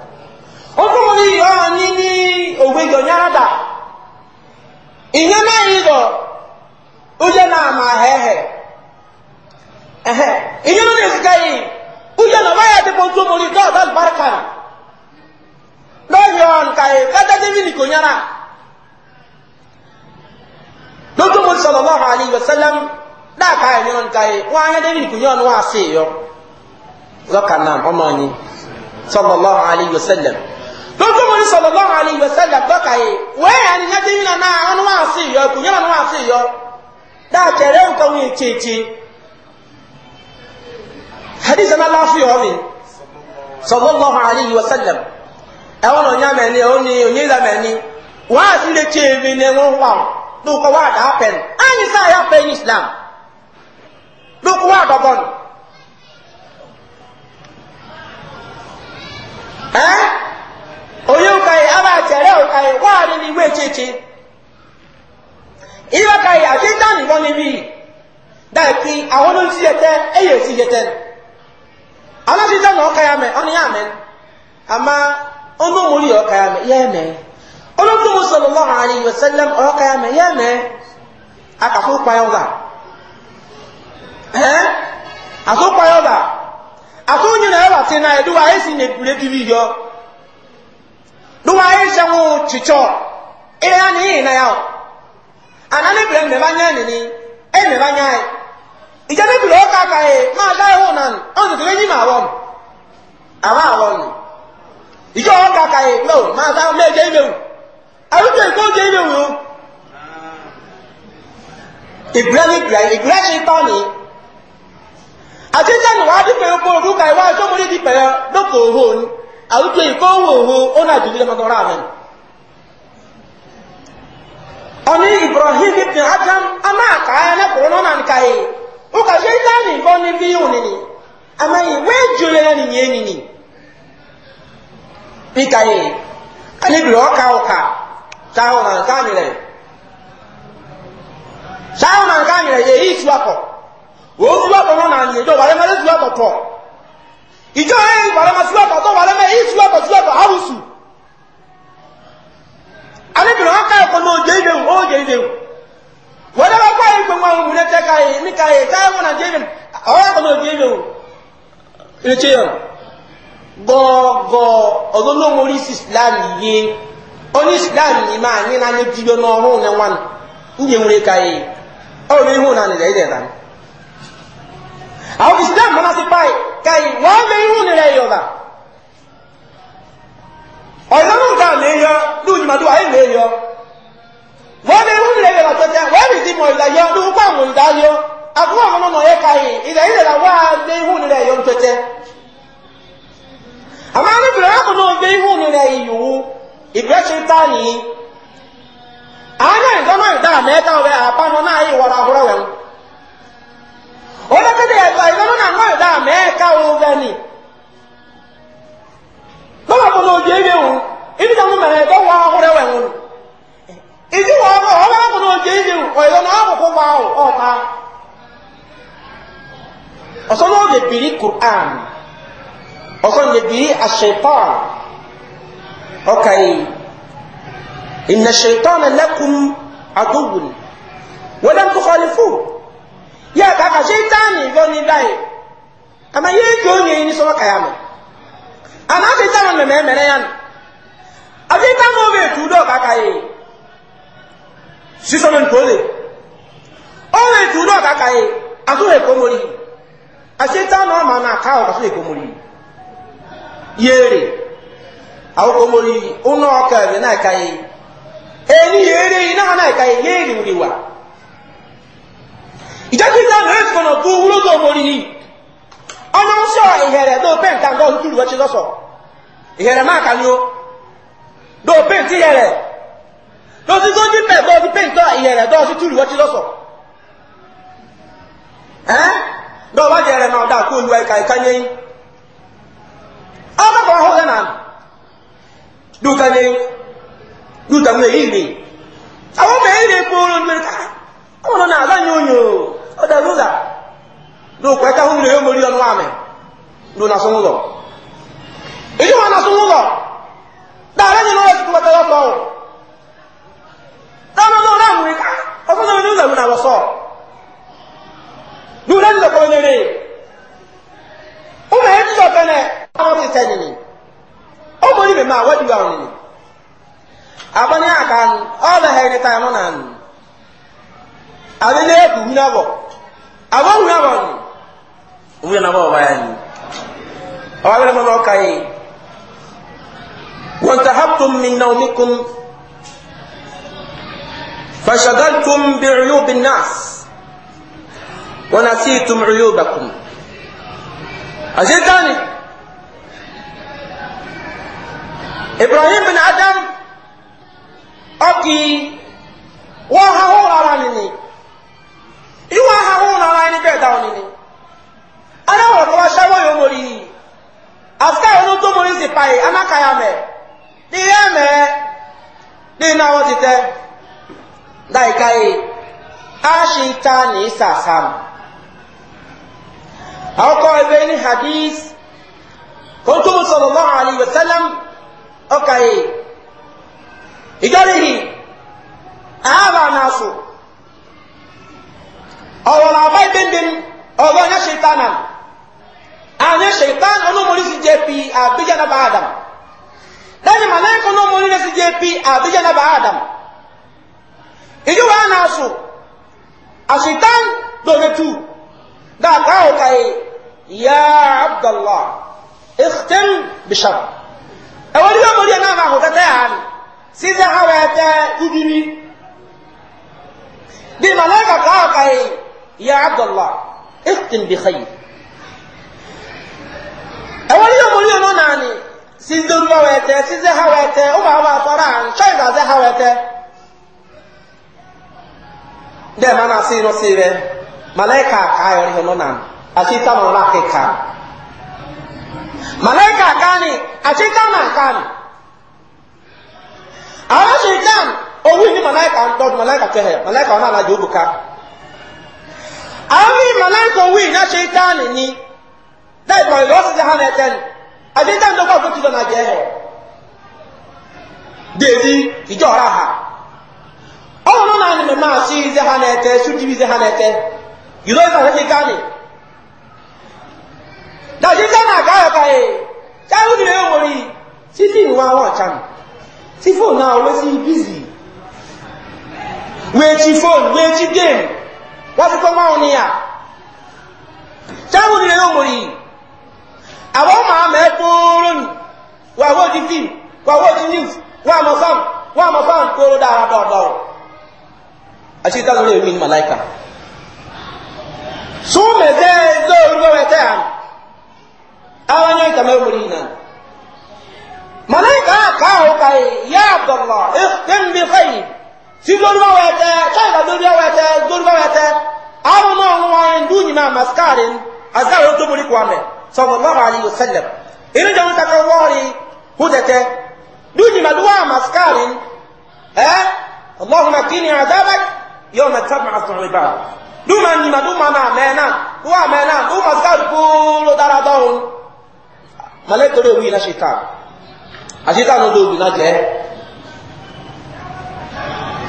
ọkùnrin yìí ọ̀rọ̀ ní ní òwe yọ̀nyárádà ìyẹn náà yìí lọ ujẹ náà na hẹ́hẹ́ ẹ̀hẹ́ ìyẹn i ní na yìí ujẹ náà báyà ti bọ́ tó mọ́lì tó àbá àlùbáríkà lọ́yọ̀ nǹka yìí kájá débi ka nwa asị yọ ọmọ anyị lójú mọ́rí sọ̀rọ̀ lọ́rùn àlè ìwẹ̀sẹ̀lẹ̀ àbúdọ́kà ni nyájẹ́ yìí nàá ọ̀nà wà sí ìyọ ẹ̀kú yẹ́nà wà sí ìyọ dáàtẹ̀rẹ́ nǹkan wọn ètìtì hadith náà láfi ọ̀rẹ́ sọ̀rọ̀ lọ́rùn àlè ìwẹ̀sẹ̀lẹ̀ ẹ̀wọ̀n ọ̀nyá mẹ́ni ẹ̀wọ̀n ni ònyé ìlà mẹ́ni ebi ní ẹ̀wọ̀n wà ya islam onye ụkaghị aba a ụkaghị gwaharị n'igwe echeche ihe ọkaghị akịta nịbọ n'ime iyi daki ahụnụ ntị yete eyi esi yete anachite na ọka ya mee ọnụ ya mee ama ọka ya mẹ ya eme ọnụ mmụọ musọlọ lọrọ anyị ọka ya mee ya eme ya ụza onye na na na ebule duma aisha wo chicho ila ni na yao anani bila mmebanya nini e mmebanya ija ne bila oka ka e ma da ho nan on de ni ma won ama won ija oka ka e no ma da me je me wu aru je ko je me wu ibrahim ibrahim ibrahim ta ni àti sẹ́nu wàá dúpẹ́ ogun òdúkà ìwà ìjọ́mọ́lé dìpẹ́ lóko òhún àwùjọ ìkọ́wòwò ó náà jùlọ mọ́kànlá rẹ̀ ọ̀ní ibrahim ibn adam a máa kàáyà lẹ́kùnrin náà nìka yìí ó kà ṣe ilé nìkan ní bí yóò nìní àmà ìwé ìjọlẹ náà nìyẹn nìní nìka yìí alébìrì ọkà ọkà sáwọn náà nìka nìrẹ sáwọn náà nìka nìrẹ yìí ìtúwàpọ̀ òun ìtúwàpọ̀ náà nìyẹn jọba ayémọ́lẹ́ ìtúwàpọ̀ tọ̀ ìjọ ẹ̀yìn ìbàlẹ́mọ̀ sílọ́tọ̀ tó wà lẹ́mẹ̀ yìí sílọ́tọ̀ sílọ́tọ̀ haúsù alẹ́bìnrin wọn káyọ̀ pẹ̀lú oúnjẹ ìdẹ̀wò oúnjẹ ìdẹ̀wò wọ́n dábàá kọ́ ẹ̀yìn pẹ̀lú àwọn obìnrin tẹ́ka na níka yìí táyà wọn na ìdẹ̀wò ọ̀rọ̀ pẹ̀lú oúnjẹ ìdẹ̀wò ìrètí yẹn islam islam àwọn islam mọ́ná sí páì káyì wọ́n lè irú nílẹ̀ yọ̀dà ọ̀yọ́nù nǹkan lè yọ lójúmọ́dún ayé lè yọ wọ́n lè irú nílẹ̀ yọ̀dà tó jẹ́ wọ́n lè dì mọ̀ ìlà yọ lóhùn pa àwọn ìdá yọ àbúrò àwọn ọmọ yẹ káyì ilẹ̀ ilẹ̀ là wá lè irú nílẹ̀ yọ tẹ́tẹ́ àmọ́ arábìnrin akọ̀ náà gbé irú nílẹ̀ ìyòwú ìgbésẹ̀ tá nìyí àwọn ẹ̀ńdọ́nà ìdá mẹ́ta ọ̀rẹ́ àbánu náà yìí wọ́n olókèdè ẹ̀gbà ìlọ́nà náà náà dá mẹ́ẹ̀ká òun bẹ́ni lọ́wọ́ tó lọ jẹ́ ilé òun ibi tó ń mẹ́rẹ̀ tó wà ọkùnrin ẹ̀wẹ̀ wọn ìdí wọ́n ọkọ̀ ọlọ́wọ́ tó lọ jẹ́ ilé òun ọ̀yọ́ náà àkókò wà ọ̀ta ọ̀sán náà lè bìrì quran ọ̀sán lè bìrì àṣẹpá ọkà yìí ìnà ṣètọ́nà lẹ́kùn àdúgbò wọ́n lẹ́kùn kọ́lífù yẹ kaka shetani bọ ni da yi ama yẹ kyo nye yi ni sọ ka ya mọ ana shetani mẹmẹ mẹrẹ ya no ashetani o bẹ tu dọ kaka yi sisọ mi nkpo le o bẹ tu dọ kaka yi ato le ko mori ashetani ọma na aka ọ kaso le ko mori yeere awo ko mori ọnà ọkà ẹbí náà ka yi ẹni yeere yìí náà náà ka yi yeere wuli wa. ìjẹ́kíjá ndị kọ̀nà tó wúlò tó mórí yìí ọmọ ń sọ ìhẹ̀rẹ̀ ló pẹ́ǹtà ń gọ́ọ̀dún túlù wẹ́tí lọ́sọ̀ ìhẹ̀rẹ̀ máa kà ní o ló ìhẹ̀rẹ̀ ló ti tó ti ìhẹ̀rẹ̀ lọ́sọ̀ ẹ́ wá náà dà kó ìka ìka yẹn kan dùkà yẹn ó dẹ̀ lóòdà ló pẹ́ ká húnlẹ̀ yóò mórí ọlọ́wà mẹ́ ló na sún lọ èyí wọn na sún lọ dáadé ni lọ́wọ́ ìsìnkú ọjọ́ lọ́pọ̀ ọ̀hún dáadé lọ́wọ́ náà múrí ká ọkọ̀ sọ́wọ́ lóòdà ló na wọ́ sọ lóòdà ló kọ́ lérè ó mẹ́ ẹ́ tíjọ́ kẹ́nẹ̀ àwọn ti tẹ́ nìyí ó mórí mi máa wẹ́dùgbà ọ̀hún nìyí àbọ̀ ní àkàn ọ̀bẹ̀ hẹ́ni táyà mọ́ nà ní àbí ní ẹ̀kú ní àbọ̀ أبوه يا بني أبوه يا نبوه بياني وانتهبتم من نومكم فشغلتم بعيوب الناس ونسيتم عيوبكم أجلتاني إبراهيم بن آدم أوكي وها هو أراني ìwọ aha ọ̀nàrà ẹni bẹ́ẹ̀ dáwọn nínú aláwọ̀ ọ̀dọ́ wa ṣáwọ́ yóò mọ̀ rí afta ọdún tó mọ̀ rí sí pa wọn ti tẹ́ dáìka yìí a ṣe ta ní ebe àkọ́kọ́ hadis ko ọ̀rọ̀ làbá ìbéǹdé ọ̀rọ̀ ẹ̀yẹ́ ṣètàn náà àyẹ́ ṣètàn olómọlé sì jẹ́ pi àbíjẹ́nà bá adam lẹ́yìn màláìkà olómọlé sì jẹ́ pi àbíjẹ́nà bá adam ìjú wa náà sọ àṣetán dọ̀dẹ̀tù dáadáa ọ̀ka yìí yá abdallah ìkhtẹ́m bisham ẹ̀wọ́n ní bá mọ̀lẹ́ náà máa hùtẹ́ tẹ́ àánú sísẹ́ bí màláìkà ká ọ̀ka yìí يا عبد الله اختم بخير أول يوم اليوم ناني سيزدر مويته سيزه هواتي وما هو فران شايدا زه هواتي ده ما ناسي نصيبه ملايكا كايو ريحو نان أشيطان ولاكي كان ملايكا كاني أشيطان كاني أولا شيطان أوه ni malaika ndod malaika tehe malaika ona la àwọn ìmọ̀ náà kò wí iná ni dáìpọ̀ ìlú ọ̀sẹ̀ ti hàn ẹ̀tẹ́ ni àti dáìpọ̀ tó kọ̀ tó ti dọ̀nà jẹ́ ẹ̀ dèzí ìjọ ọ̀rá ha ọ̀run náà ni mẹ́mà sí ìzẹ́ hàn ẹ̀tẹ́ sùdí ìzẹ́ hàn ẹ̀tẹ́ ìlú ọ̀sẹ̀ ti táàní. dàjí sẹ́nà àgáyọ̀ káyé táwọn ìlú yóò o títí ìwọ̀n àwọn ọ̀chá mi tí fóònù Si wọ́n na bízì wéé ti fóònù wéé ti game wọ́n fi kọ́ máa ní à tẹ́wùn ilẹ̀ yóò mọ̀ yìí àwọn máa mẹ́ tóóró nù wà wọ́n di fíìmù wà wọ́n di news wà mọ̀ fáàm wà mọ̀ fáàm kóró dára dọ̀dọ̀ àti ìtàlọ́ lè rí ní màláìka súnmẹ̀dẹ́ ẹgbẹ́ orúkọ rẹ̀ tẹ́ àmì àwọn yẹn ìtàmẹ́ mọ̀ yìí náà màláìka káà ó kàyè yá àbdọ̀lọ́ ẹ̀ ń bí fẹ́yìí si lórí wáwá ẹtẹ káyìnbá lórí wáwá ẹtẹ lórí wáwá ẹtẹ àwọn náà ń wọn ẹni dúnyìn náà masakari azari ó tóbi kó amẹ sọgbọn lọwọ àyè yóò sẹlẹ inú jẹun kaka wọọri hó tẹtẹ dúnyìn náà lọwọ masakari ẹ ọlọ́run náà kí ni yóò mẹ tábà àtúnrin bá dúmà nyìmà dúmà náà mẹ́ẹ̀nà dúwà mẹ́ẹ̀nà dúmà masakari kúrò dára dọ́hùn malẹ́kọ̀ọ́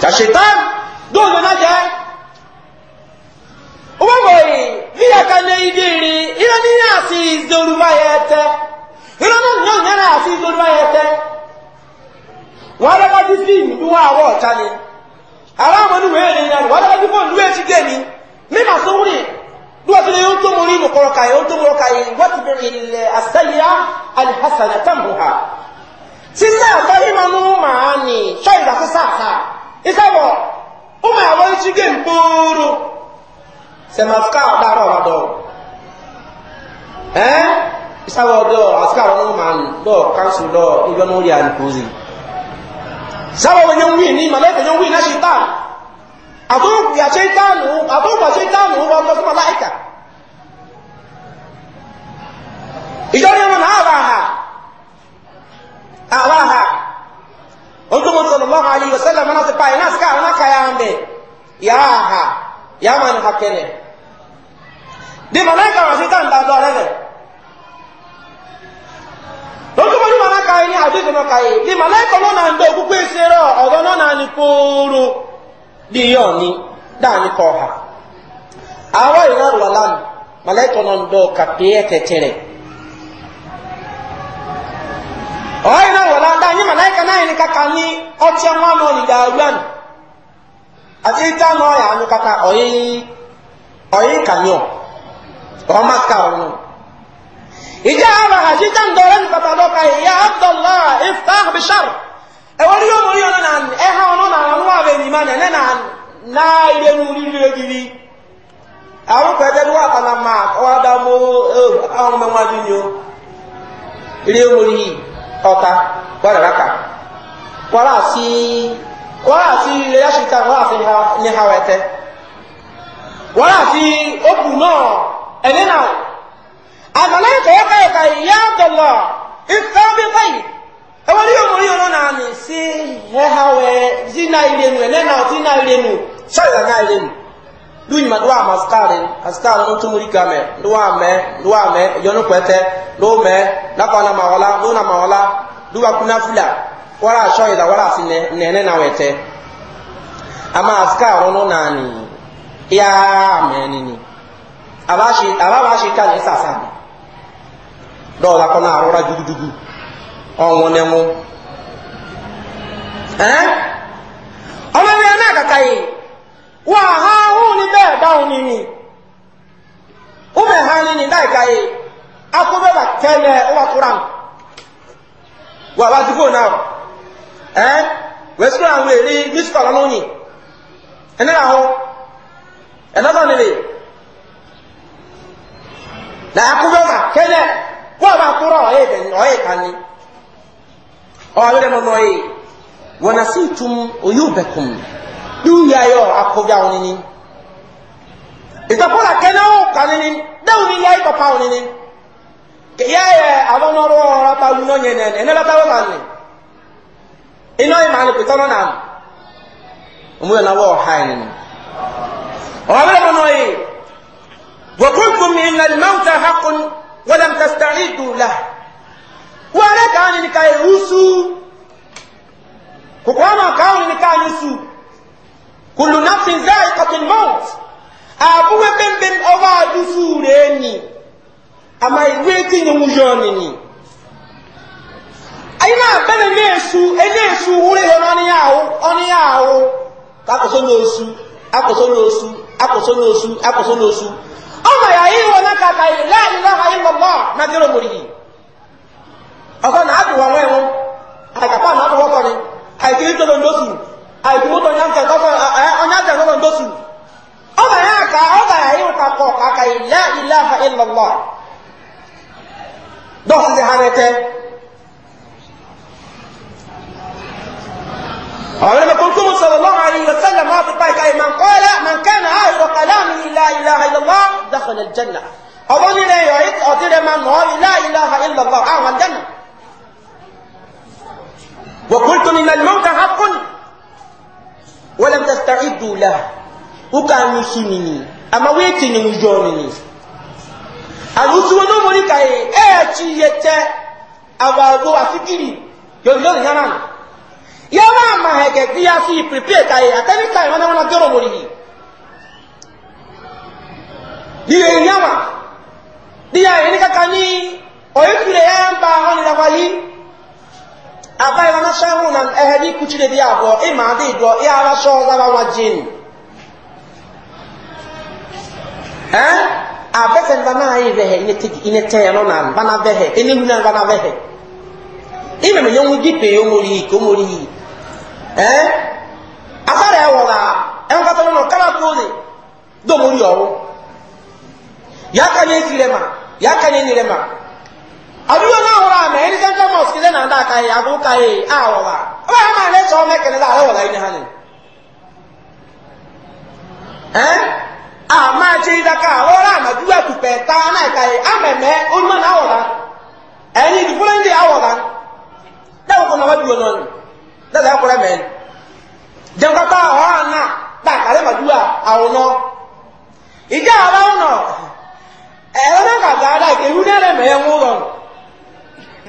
ṣàṣetán dóòlù náà jẹ́ ubaboyi bíyàká ní ibi rí iná ní ní àti ìzorúbá yẹ tẹ iná náà ní náà ní àti ìzorúbá yẹ tẹ wọ́n lọ́wọ́ bí fíìmù tó wà àwọ̀ ọ̀tá ni àwọn ọmọ inú wẹ́ẹ̀ ní ìyàrá wọ́n lọ́wọ́ bí fóònù lúwẹ̀ ti dé ni mímà sówúrì duwatule yóò tó mori yóò tó mori ka ye wati bɛ ilẹ asaliya alihasana tambuha sisan ìkàwọ̀ ó máa wọ́n tí gé gbòòrò sẹ̀mọ̀síkà ọ̀dàrọ̀ ọ̀dọ̀ ẹ́ ìsàwọ̀ ọ̀dọ̀ àsìkà ọ̀dọ̀ ọ̀dọ̀ máa lọ káńsù lọ ìjọ ní orí àrùkóòzì sáwọ̀ wọn yóò wí ní màlẹ́kọ̀ yóò wí náà ṣe tán àtọ́gbà ṣe tánù ó bá ọjọ́ fún màláìkà ìjọ ní ọmọ náà àwàhà àwàhà Mtume sallallahu alaihi wasallam anatupa inaska anaka yaambe yaha yaman hakene de malaika wasita ndado lele Mtume ni malaika ni hadithi no kai de malaika no na ndo ku kwesero odo no na ni poru di yoni dani koha awa ina walan malaika no ndo kapiete tere ọyìn náà wọlá dá ní màláìka náà ní kaka ní ọtí ẹwọn àmọ nìgbà awúlánì àti ìta náà yà ánú kaka ọyìn ọyìn kàníọ ọmọ ká ọrùn ìjà àrà àti ìta ńdọrẹ ní bàbá lọkà ìyá abdullah iftah bishar ẹwọ ní yóò mú yọ náà ẹ ha ọ̀nà náà wọn wà bẹ nìmá nẹ náà náà ilé nu lílo gidi àwọn pẹ̀lú wà kàná máa ọwọ́ dá mọ́ ọ àwọn ọmọ wájú ni ó ilé wọn yìí ọta wala raka wala si wala si leya shirika wala si ni hawa ẹtẹ wala si oku náà ẹni náà àgbàlá ìkọ̀ yẹ káyọ̀ káyọ̀ yá dọ̀lọ̀ ìfẹ́ ni báyìí ẹwọ́n ní òmùrí ọ̀nà náà ní sí ẹ̀háwẹ̀ zina ìrẹnu ẹ̀lẹ́nà ọtí náà dunyima do ama asikaari asikaari no tumuri kame do amɛ do yɔnu na ma wɔla do na ma wɔla do kuna fila wala na wɛ tɛ ama asikaari no naani yaa mɛ nini a b'a si a b'a ka ne sasa mi dɔw la kɔnɔ n'a ka wa á hùn ní bẹ́ẹ̀ dáhùn ní ni ọmọ ẹ̀hán ní ní dáìka yìí akọ́bẹ̀ bá kẹ́lẹ̀ ọwà kúrán wà wá dúgbò náà ẹ́ wẹ́sùkọ́ àwọn èrè mísùkọ́ lọ́nà òyìn ẹni rà hó ẹ̀nọ́sọ̀ nílé là duya yo akoda onini itakola kena o kanini dauni yai ko pa onini ke ya ya abono ro ra pa uno nyene ene la tawo kanni nam umu na wo haini o abele ko noi wa kuntum inna al-mauta haqqun wa lam tasta'idu lah wa la kanini kai rusu ko kama kauni kai kulu nafsin za'iqatul maut abuwe bembem ọba adusu rẹ ni ama iwe ti nye ni e ni ayi naa bẹrẹ ní esu ẹni esu wúri hẹ ọni yà awo ọni yà awo k'akoso n'osu akoso n'osu akoso n'osu akoso n'osu ọmọ yà ayi ọkọ na ni n'osu. àìkúrútọ̀ ọ̀nyáǹkà lọ́sù ọba ya ka ọba ya yi ụka kọ aka ilá ilá ha ilọ̀lọ̀ dọ́sílẹ̀ ha rẹ̀tẹ́ ọ̀rẹ́ mẹ́kún tó mú sọ̀rọ̀ lọ́wọ́ àrí ilẹ̀ sẹ́lẹ̀ máa fi báyìí káyìí máa ń kọ́lá máa ń kẹ́nà àìrọ̀ kàlámi ilá ilá ha ilọ̀lọ̀ dákọ̀lẹ̀ jẹ́nà ọwọ́ nílẹ̀ yọ̀ ọdí rẹ̀ máa nọ́ ilá ilá ha ilọ̀lọ̀ àwọn jẹ́nà وقلت من الموت حق ولم تستعدوا له وكانوا سنيني أما ويتني مجونني àlùsí wọn ló mọ ní kàyé ẹ ti yẹ tẹ àbàgbò àfikiri yòlùyòlù yàrá nù yàrá àmà ẹgẹ bí a fi pèpè kàyé àtẹni kàyé wọn náà gbẹrọ wọlé yìí yìí èyí yàrá bí a yẹ ní kàkà ní ọ̀yẹ́fìlẹ̀ yàrá ń ba ọ̀nìyàwó yìí abayi wọn ahyɛ na ɛhɛbi kukyire bi aboɔ ɛma adi doɔ yɛ ara hyɛ ɔdara wa gyin ɛn eh? abɛsɛ nipa naa yɛ bɛhɛ ne tɛ ne tɛn no na bana bɛhɛ ɛne hu na bana bɛhɛ ɛna mɛ yɛn ho di pe yɛn ho yi ko mo yi ɛn afɔra ɛwɔ la ɛn e kata no kala kuro de do mo yi ɔwɔ yaka ne esi rɛ ma ne ni rɛ àdúgbò náà wọ́n àmì ẹni central mosque ṣe náà dáa káyé àgún káyé àwọ̀wà ó bá máa lé sọ mẹ́kẹ̀rẹ́ dáa àwọ̀wà láyé ní hàn ní. ẹ́ a máa ṣe ìdáka àwọn ọ̀rọ̀ àmàdúgbò àkùpẹ̀ tá a náà káyé àmẹ̀mẹ́ onímọ̀ náà àwọ̀wà ẹ̀yìn ìdúgbòlẹ̀ ń dè àwọ̀wà dáwọ̀ kọ́ náà wá dúró náà dáadáa kọ́rẹ́ mẹ́ jẹ́ńkọ́tà ọ̀hán náà dáa kàlẹ́ màdúgbò àwọn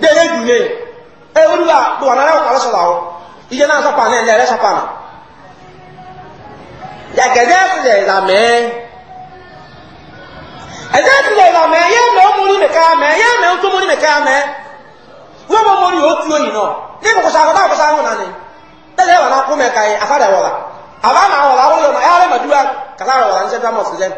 dẹ́rẹ́ dùnlé ẹ olúwa bó wà náírà ọ̀pọ̀ sọ̀rọ̀ àwọn ìjẹ́ náà sọ̀pà náà ẹ̀lẹ́rẹ́ sọ̀pà náà jàgẹ̀dẹ́ ẹ̀sìlẹ̀ ìlàmẹ́ ẹ̀dẹ́ ẹ̀sìlẹ̀ ìlàmẹ́ yẹ́ mẹ́ ọmọ orí nìkan mẹ́ yẹ́ mẹ́ ọtọ́ mọ́ orí nìkan mẹ́ wọ́n mọ́ ọmọ orí yóò tú òyìn náà ní kòkòsà àwọn báwọn kòsà àwọn nàní tẹ́lẹ̀ wà náà kó mẹ́ka yìí afárẹ̀ wọ̀la àbá náà wọ̀la àwọn yọ̀nà ẹ̀yà rẹ̀ màdúrà kàtà wọ̀la ní sẹ́ńtà mọ́ọ̀sì lẹ́nu.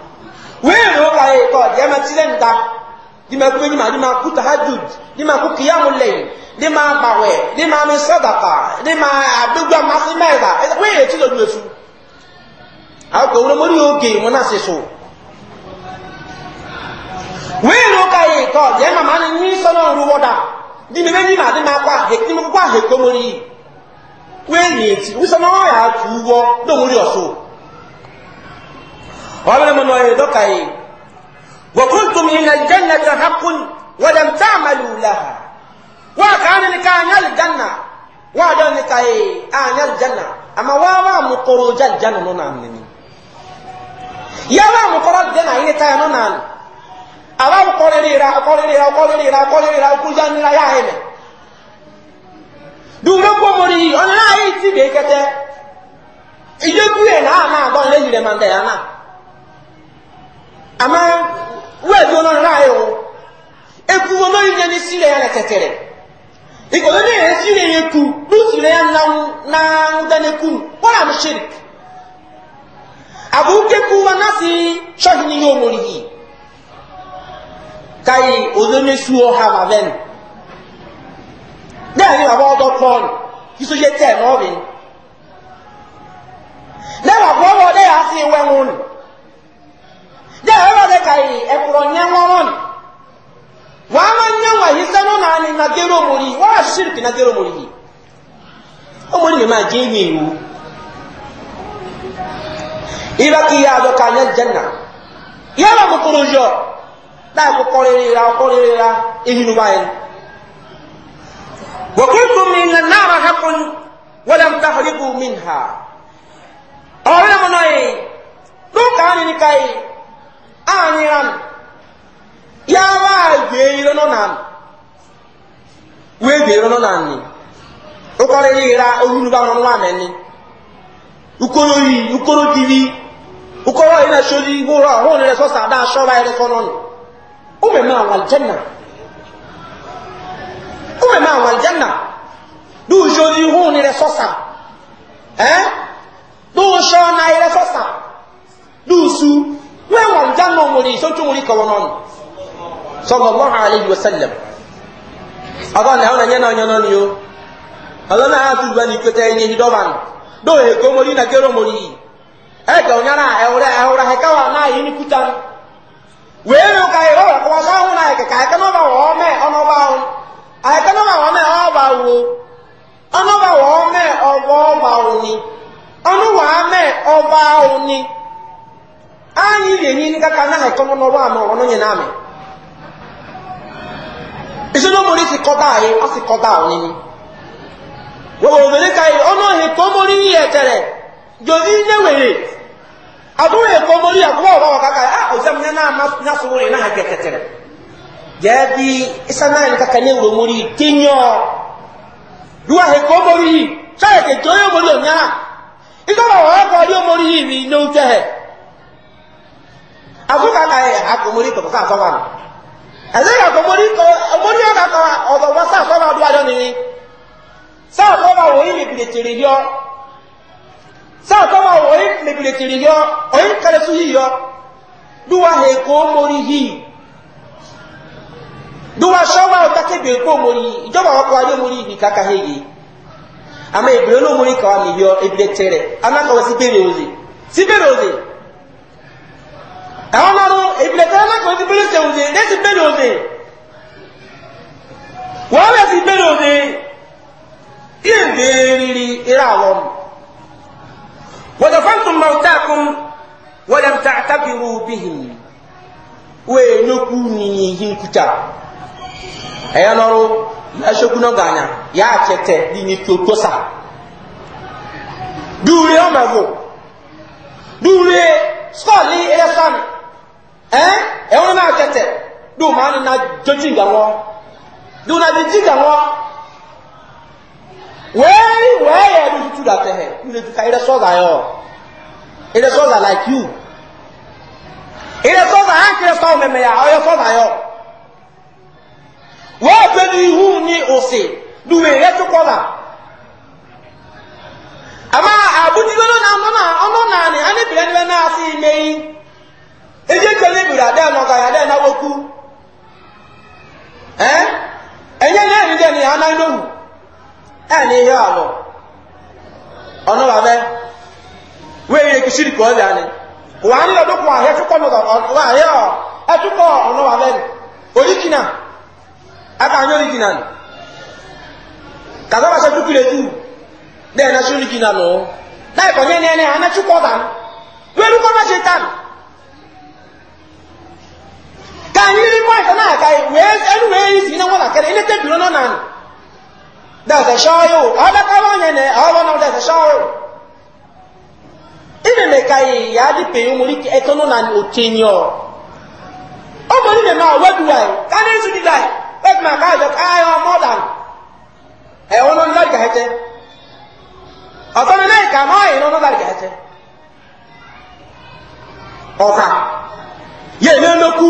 wee ọ̀rọ̀ ayé kọ́ di dị tí lẹ́nu da dị ma kúrò ma dị ma ha tahajud dị ma kú kíyàmù lẹ́yìn dị ma bàwẹ̀ dị ma mi sọ́dàpà di ma àdúgbò àmàfin mẹ́ta wéèrè tí lọ́dún oge wọn náà so wéèrè ọ̀rọ̀ ayé kọ́ dị ẹ̀ma ma di mi ma di ma ma ọsọ. ومن من ويدك وقلتم إن الجنة حق ولم تعملوا لها وكان لكان الجنة وعدون لكي آن الجنة أما واوا مقروج الجنة ننامني يا واوا مقروج الجنة إن تانونان أواوا مقرريرا أقرريرا أقرريرا أقرريرا أقرريرا يا هنا dùgbò gbòmòrì ọ̀nà àyè ti bèé kẹtẹ ìjẹ́bú ẹ̀ náà náà gbọ́n lẹ́yìn rẹ̀ máa ń tẹ̀yà náà àmọ́ wẹ́ẹ̀dì ọlọ́run láàyè o eku ọlọ́run yẹn ní sílẹ̀ yẹn tẹ̀tẹ̀rẹ̀ ìkọ̀lẹ́ ní yẹn sílẹ̀ yẹn ku ní sílẹ̀ yẹn náà dánéku wọ́n làm ṣèlè àbúkéku wọn náà sí ṣọ́ọ̀ṣì ní yóò mọ̀lì yìí káyì òdòmẹ́sù ọ̀hà màvẹ́nù náà ní bàbá ọdọ pọ́ọ̀lù kí sójú tẹ̀ náà rèé náà bàbá ọwọ́ ọdẹ yà á sí wẹ́wọ̀n nù dẹ́ ẹ̀rọ rẹ̀ kàyè ẹ̀kúrọ̀ nyẹ́ ńlọ́rọ́ ni wàá máa ń yẹn wà yìí sẹ́nu náà ni nàgẹ́rọ̀ mòrì yìí wàá ṣírìkì nàgẹ́rọ̀ mòrì yìí ọmọ ní màá jẹ́ ìwé ìwò ìbá kí yá àjọ ká yẹn jẹ́ nà yẹ́ wà kókóró yọ láì kó kọ́rẹ́rẹ́ ra kọ́rẹ́rẹ́ ra èyí ló báyìí wọ́kùnkùn mi nà náà hàkùn wọ́lẹ̀ ń tàhùrẹ́bù mi hà ọ̀rẹ́ mọ́nà yìí ló kàá nínú anyiran yawa gbe iro no nan we gbe iro no nan ni o ko le ira ohunu ba no wa nani ukoro yi ukoro kiri ukoro na shori wo ra ho ni so sa da so ba ire kono ni o me ma wal janna o me ma wal janna du ni re so sa eh du na ire so wẹ́n wà já mọ̀ wòlé sọ́tún wòlé kọ̀wọ́ náà sallallahu alayhi wa sallam ọba ní àwọn ẹ̀yẹ́nà ọ̀yẹ́nà ni ó ọlọ́nà àtúgbà ní kẹta ẹni ẹni dọ́bà nù dóòhè kó mọ́lí nà kérò mọ́lí yìí ẹ̀gà ònyàrá ẹ̀wọ̀rẹ̀ ẹ̀wọ̀rẹ̀ ẹ̀káwà náà yìí ní kúta wèé ló ka ẹ̀rọ rẹ̀ kọ́wọ́ sáwọn náà kẹ̀kẹ́ àìkánọ́bà wọ́ mẹ́ ọ̀nọ́bà wọn àìkánọ́bà wọ́ mẹ́ ọ̀bà wo ọ̀nọ́bà wọ́ mẹ́ ọ̀bà wọn ni ọ̀nọ́wà mẹ́ ọ̀bà wọn ni anyị na-enye ndị aka anaghị akọnọ n'ọrụ a n'ọrụ n'onye na-amị isi kọta anyị ọ sị kọta anyị wee obere ka anyị ọnụ ọhịa ka omori ihe etere abụghị ka omori agwụwa ọgwụwa ọka ka a ọzọ m na ya jee dị ịsa ka na wuru omori tinye ọ omori omori ịgọba ọdị omori yi ha akuka na ye akomori kɔ k'a kɔba no ɛdɛ yɛ akomori kɔ akomori yɛ ka kɔba ɔdɔba s'a kɔba do adɔ nini s'a kɔba woyi le biletiri yɔ s'a kɔba woyi le biletiri yɔ oyi kɛrɛsu yi yɔ duwa he komori yi duwa sɔba o ta kebe komori yi ìjọba wa kɔ adé mori yi kaka he yi ama ebile n'omori kawa mi yɔ ebile tɛrɛ ana kawa si bere oze si àwọn ọmọ ọdún ìpìlẹ̀ tí wọ́n máa kàn ti bẹ́rẹ̀ ṣe òde lé ti bẹ́rẹ̀ òde wọ́n lè ti bẹ́rẹ̀ òde ìdè rírí ìrà àwọn wọ́n fọ́ntùn mọ̀tàkùn wọ́n lè ta ya bíhìn wọ́n èèyàn kú nìyí yìí kúta ẹ̀yẹ ɛn ɛwọn náà tẹtẹ dó na jọjú ìgbà wọn dó o náà jọjú ìgbà wọn wẹ́ẹ́rì wẹ́ẹ́ yẹ ẹni tuntun dà tẹ̀ ẹ̀ like you ìrẹsọ́ọ̀dà yà kí ìrẹsọ́ọ̀dà ya yà ọ̀yẹ́sọ́ọ̀dà yọ ní ihu ní òsè dùwẹ̀ ìrẹsọ́ kọ́là àmà àbújúlọ́lọ́ náà ọ̀nà náà ọ̀nà náà na ẹni eji ntị na ebiri ada nọ ka ya ada na woku ee enye na eri deni ya na ndowu ee na ihe abụ ọnụ babe wee yiri kisiri ka ọ dị anyị wa anyị lọ dụkwa ahịa chụkwa n'ụzọ ọtụwa ahịa ọ ẹtụkọ ọnụ babe orikina aka anyị orikina nọ kazaba sɛ tukure tu dɛ na so orikina nọ na ɛkɔnyɛ nɛɛnɛ anɛ chụkwa ọda wee lukọ na shetan ka anyị ri na-aga enu wee isi na nwatakịrị ilete biro na nanị dẹsẹ sọọyọ onye na ọrọ na dẹsẹ sọọyọ na ya adị nwere ike eto nọ na okenye ọ ọ bụ ndị na wedu anyị ka na dị na ka anyị ọ mọ e, na ka ma ọka ya eme nnukwu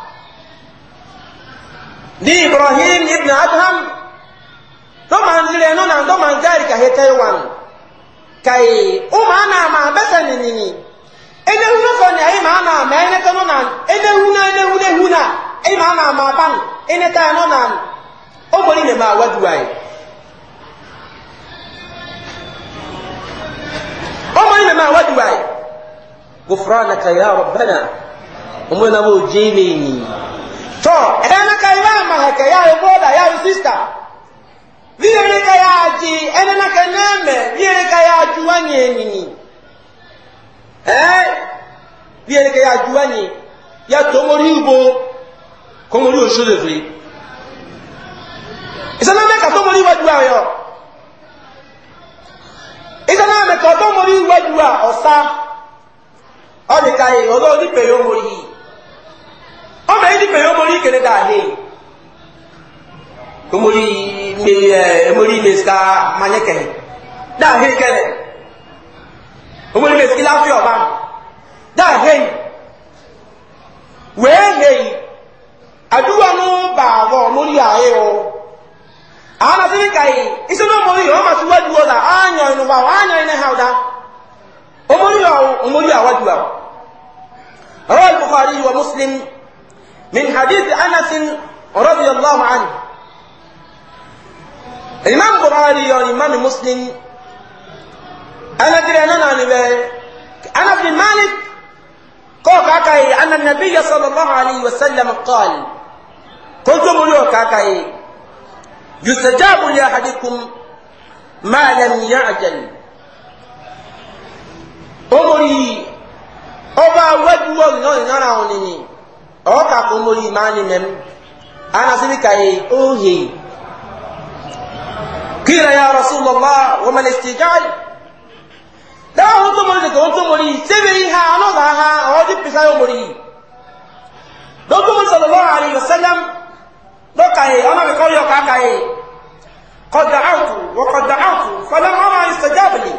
di ibrahim ibn adham to man dire no na do man gari ka hetai wan kai o ma na ma besa ni ni ni ene hu no so ni ai ma na ma ene to no na ene hu na ene hu ne huna na ai ma na ma ban ene ta no na o gori ne ma wadu ai o gori ne ma wadu ai gufranaka ya rabbana umuna mu jilini So, tọ́ ẹ̀dánaka ilá àmàhẹ̀kẹ̀ yá rẹ̀ bọ́ọ̀dà yá rẹ̀ sísà bí erika yá àjì ẹ̀dánaka nẹ́ẹ̀mẹ̀ bí erika yá àjù wáyé ènìyàn ẹ́ bí erika yá àjù wáyé yá tó mórí ìbò kó mórí òṣù lè fi ìsọ́nà mẹ́ka tó mórí wájú ayọ̀ ìsọ́nà mẹ́ka tó mórí wájú ọ̀sá ọ̀dìkà yìí ọlọ́ọ̀dì pẹ̀lú mórí yìí ọmọ yìí dìbò yóò mórí kéré dáadé omori ne ɛ omori ne sika manyɛkɛ dáadé kɛlɛ omori ne sika lafi ɔba dáadé wɛɛ ne aduwa no baabɔ omori ayé o àwọn asiri kayi isinu omori yɛ ɔma ti wá duwɔ la anyɔ inuba o anyɔ inaha o da omori yɛ o omori yɛ awa duwa o rawal bukhari wa muslim. من حديث أنس رضي الله عنه الإمام بخاري والإمام مسلم أنا أدري أنا أنا بن مالك قال كاكاي أن النبي صلى الله عليه وسلم قال كنت مليو كاكاي يستجاب لأحدكم ما لم يعجل أمري أبا ودوا من نار ọka ko mori mani mem ana sibi kai e ohi kila ya rasulullah wa man istijal da o to mori ko to mori sebe ha no da ha o di pisa yo mori do to mori sallallahu alaihi wasallam do kai ana ko yo ka e, kai qad e. da'awtu wa qad da'awtu falam ara istajab li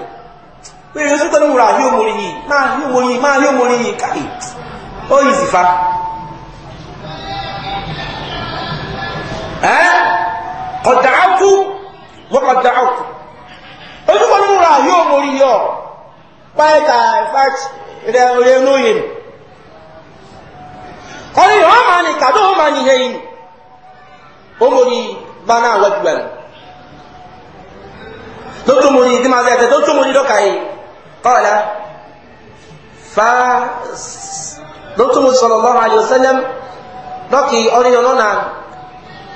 pe yesu to mura yo mori ma yo mori ma yo mori kai o yi sifa قد دعوت وقد دعوت olùkọ́ ló ra yóò mórí yọ pàìkà rẹ̀ rẹ̀ lóye kọ́ni yóò máa ní kàdó máa ní hẹ́yìn ó mórí báná àwọ̀jú ẹ̀ tó tó mórí tí máa fẹ́ tó tó mórí lọ́kà yìí kọ́ọ̀lá fa tó mórí sọ̀rọ̀ lọ́rọ̀ àlè òsẹ́lẹ̀m lọ́kì ọ̀rẹ́yọ̀ lọ́nà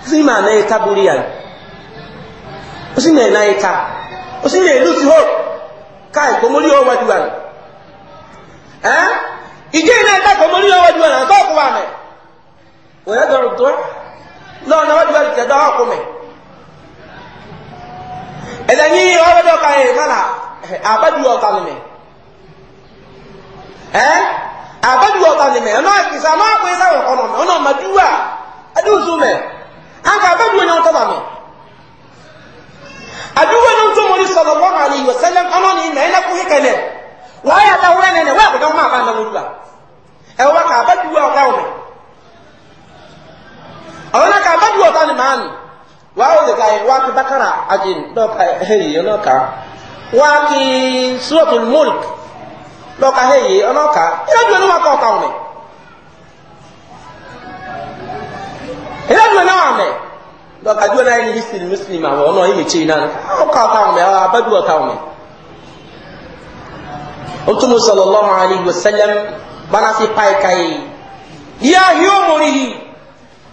usima anayeka duniani usima enayeka usima elusi ho kai komuli ho wajuan eh ije inayeka komuli ho wajuan atoko wame wayadru dọrọ lo na wajuan ti da okume elani ho wado kai kala abadu okalme eh abadu okalme na kisa ma ko isa adị mee. anka abadu onye ọtọ bami aduwe no nto mori sallallahu alaihi wasallam ono ni na ina kuhi kene wa ya da wure ne wa ko da ma ba na wura e wa ka abadu wa ka wure awon ka abadu wa ta ni man wa o de ka wa ki bakara ajin do ka hey yo no ka wa ki suratul mulk do ka hey yo no ka ina duwe ila nuna nawa mai da ka duwa yin history muslima ma wani wani ce ina ka kawo e. mai a baduwa kawo mai otumu sallallahu alaihi wasallam bana fi pai kai dia O morihi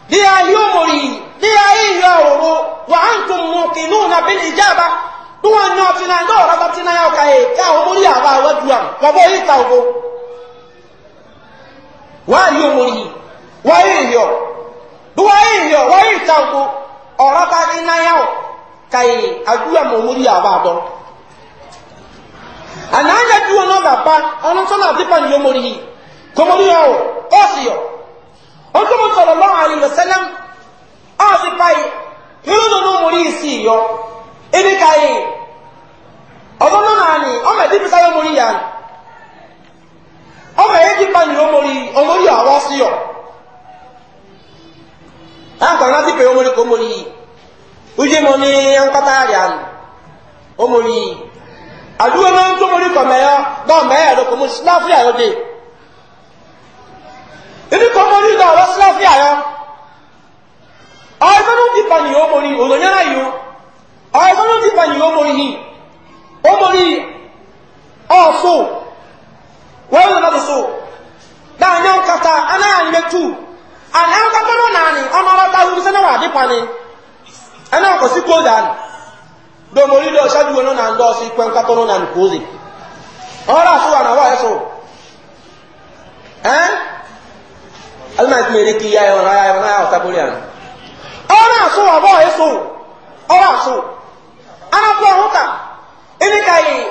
dia hiyo morihi dia O oro wa antum muqinuna bil ijaba duwa no tina ndo raba tina ya kai ka o mori aba wa duwa wa bo yi ta ogo wa hiyo morihi wa hiyo duwaye yo waye tanko oraba ni na yawo kai aduwa mo muri abado ananya duwa no baba ono so na dipa ni mo ri ko mo ri yawo osiyo onto mo sallallahu alaihi wasallam asi pai hiru no mo ri si yo ene kai ọdọ náà náà ni ọmọ ẹbí bisá yọ mo ri ya ọmọ ẹyẹ dipa ni mo ri ọmọ ri awọ si yọ ankɔrɔ ti pe omori ko omori yi uje mo ni ankɔta ari anu omori yi aduwo na ntɔ mori kɔmɛ yɔ dɔn mɛ yɛrɛ ko mo silafi ayɔ de ebi kɔ mori dɔn ɔlɔ silafi ayɔ ɔyɛ sɔnu ti pa ni omori olonyana yi o ɔyɛ sɔnu ti pa ni omori yi omori ɔso wɔyɛ lɔnà do so dáa nyɛ nkata ana yà nyɛ àná ń kọ́kọ́ náà nàá ni ọmọ ọlọ́ta wúni sẹ́nà wà dípa ni ẹnà kò sí kó dànù domo lílo ṣáájú wọn náà ń dọ́ sí pẹ́ ń kọ́kọ́ náà nì kóòzì ọ̀rọ̀ àfúwà náà wà ẹ̀sùn ẹ́ alima ìpínlẹ̀ kí ya ẹ̀wọ̀n eh, ara ẹ̀wọ̀n ara ọ̀tá bórí àná ọ̀rọ̀ àfúwà bọ̀ ẹ̀sùn ọ̀rọ̀ àfúwà anáfọ̀ ọ̀hún kà ẹni ka yìí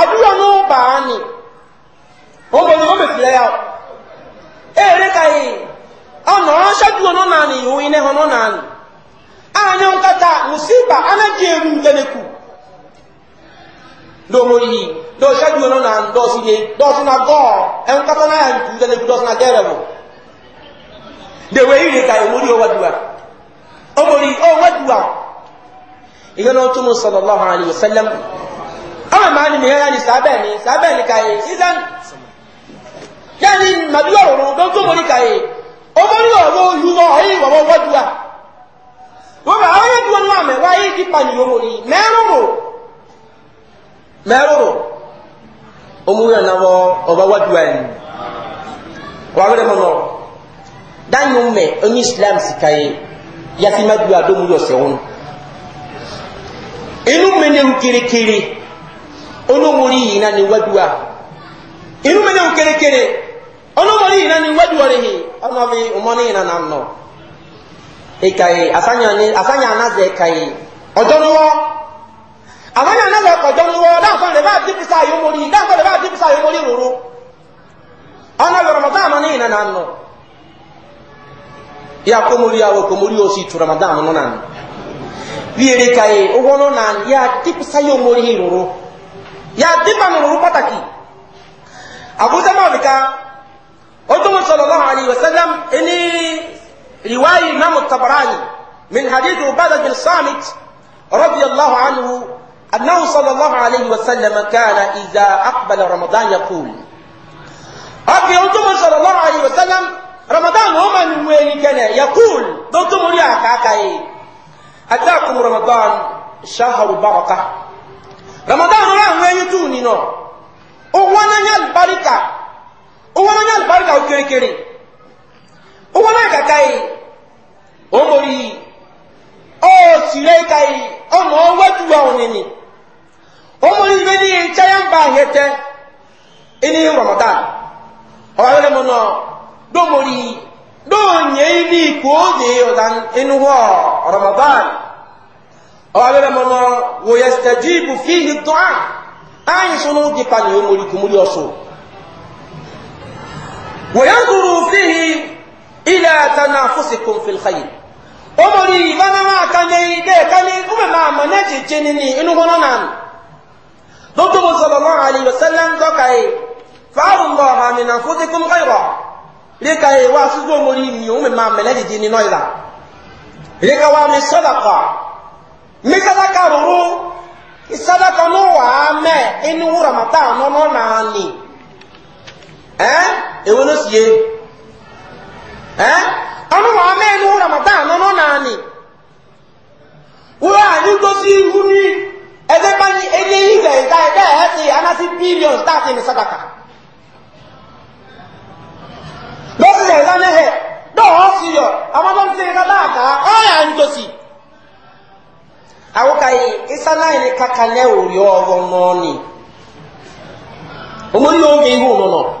àdúrà náà bàá ni wọ́n bọ̀ ní wọ́n bẹ̀ tilẹ̀ yà ó ẹ̀rẹ́ ka yìí. ọ̀nà ọ̀ṣẹ́jú ọ̀nà náà ni ìhun iná ọ̀nà náà ni ààyàn nkata mùsíbà anájì ẹrù ìdẹ́nẹ̀kù lómòrìhì lọ́ṣẹ́jú ọ̀nà náà ni dọ́síye náà ẹ̀kù ìdẹ́nẹ̀kù dọ́sínà na wọ̀ dèwé ìrè ka ìmórí ọwọ́dùwà ọmọrí ọwọ́dùwà ìyẹn náà tún sọlọ́lá àlè ọmọ omori ọwọ yuwọ ọyí wọwọ wọdua wọbẹ ọyẹ duwọ nù amẹ wáyé omori ọnàwọ ọba wọdua yìí wàwẹrẹ mọ nọ dánù mẹ onye islam sika yìí yasi ma dua domori ọsẹ wọn inú mẹnẹwù kérékéré onomori yìí nani wọdua inú mẹnẹwù ọlọ́mọdé yìí nani wẹ́dù ọ̀rẹ́ yìí ọlọ́mọdé ọmọdé ina na nọ. ìkàyè asanya anazẹ ìkàyè ọjọ́ nuwọ́ asanya anazẹ ọjọ́ nuwọ́ dáńtọ́ lè bá dípísà le dáńtọ́ lè bá dípísà yomori rúru ọlọ́mọdé ramadan ọmọdé ina na nọ. ya komori awo komori osi tu ramadan ọmọ nani. bí ere na ya dípísà yomori ya dípísà pataki. أدوم صلى الله عليه وسلم إني رواية إمام الطبراني من حديث عبادة بن صامت رضي الله عنه أنه صلى الله عليه وسلم كان إذا أقبل رمضان يقول أبي أدوم صلى الله عليه وسلم رمضان هو من وين كان يقول دوتم يا كاكاي أتاكم رمضان شهر بركة رمضان هو وين توني نو أغوانا البركة wọn nyɛ alibarika okerekere wọn ayɛ kaka yi ɔmori yi ɔsire ka yi ɔmɔ wadu wa ɔnini ɔmori yi bɛni nkyɛn ba ahɛtɛ ɛni rɔmɔdan ɔyɛ lɛ mo nɔ dɔmori yi dɔnyɛ yi ni kooze ɔdan ɛnu hɔ rɔmɔdan ɔyɛ lɛ nɔ wɔyɛ sitɛji bufi yi dɔn a ayi sɔnna pa ni ɔmori kumuli ɔsoro. وينظروا فيه إلى تنافسكم في الخير أمري بنا ما كان يدي كان أمي ما منجي جنيني إنه هنا نطلب صلى الله عليه وسلم ذكي فعل الله من أنفسكم غيرا لكي واسدوا مريني أمي ما منجي جنيني نويلا لكي وامي صدقة مثلك رورو الصدقة نوعا ما إنه رمضان نوعا ما ẹ́ sie. ló sì ama ẹ́ ọdún wọn mẹ́nu ramadan nínú náà ni wúrọ̀ ihu ní ẹgbẹ́ bá ní ẹgbẹ́ ebe ìta ẹgbẹ́ ẹ̀ ti anásí bílíọ̀nù sadaka. ní na lọ́sílẹ̀ ìdánilẹ̀ dọọ sí yọ àwọn ọmọ tí ìrìnà láàkà ọ̀rẹ́ anyị gosi. ịsa naanị ihu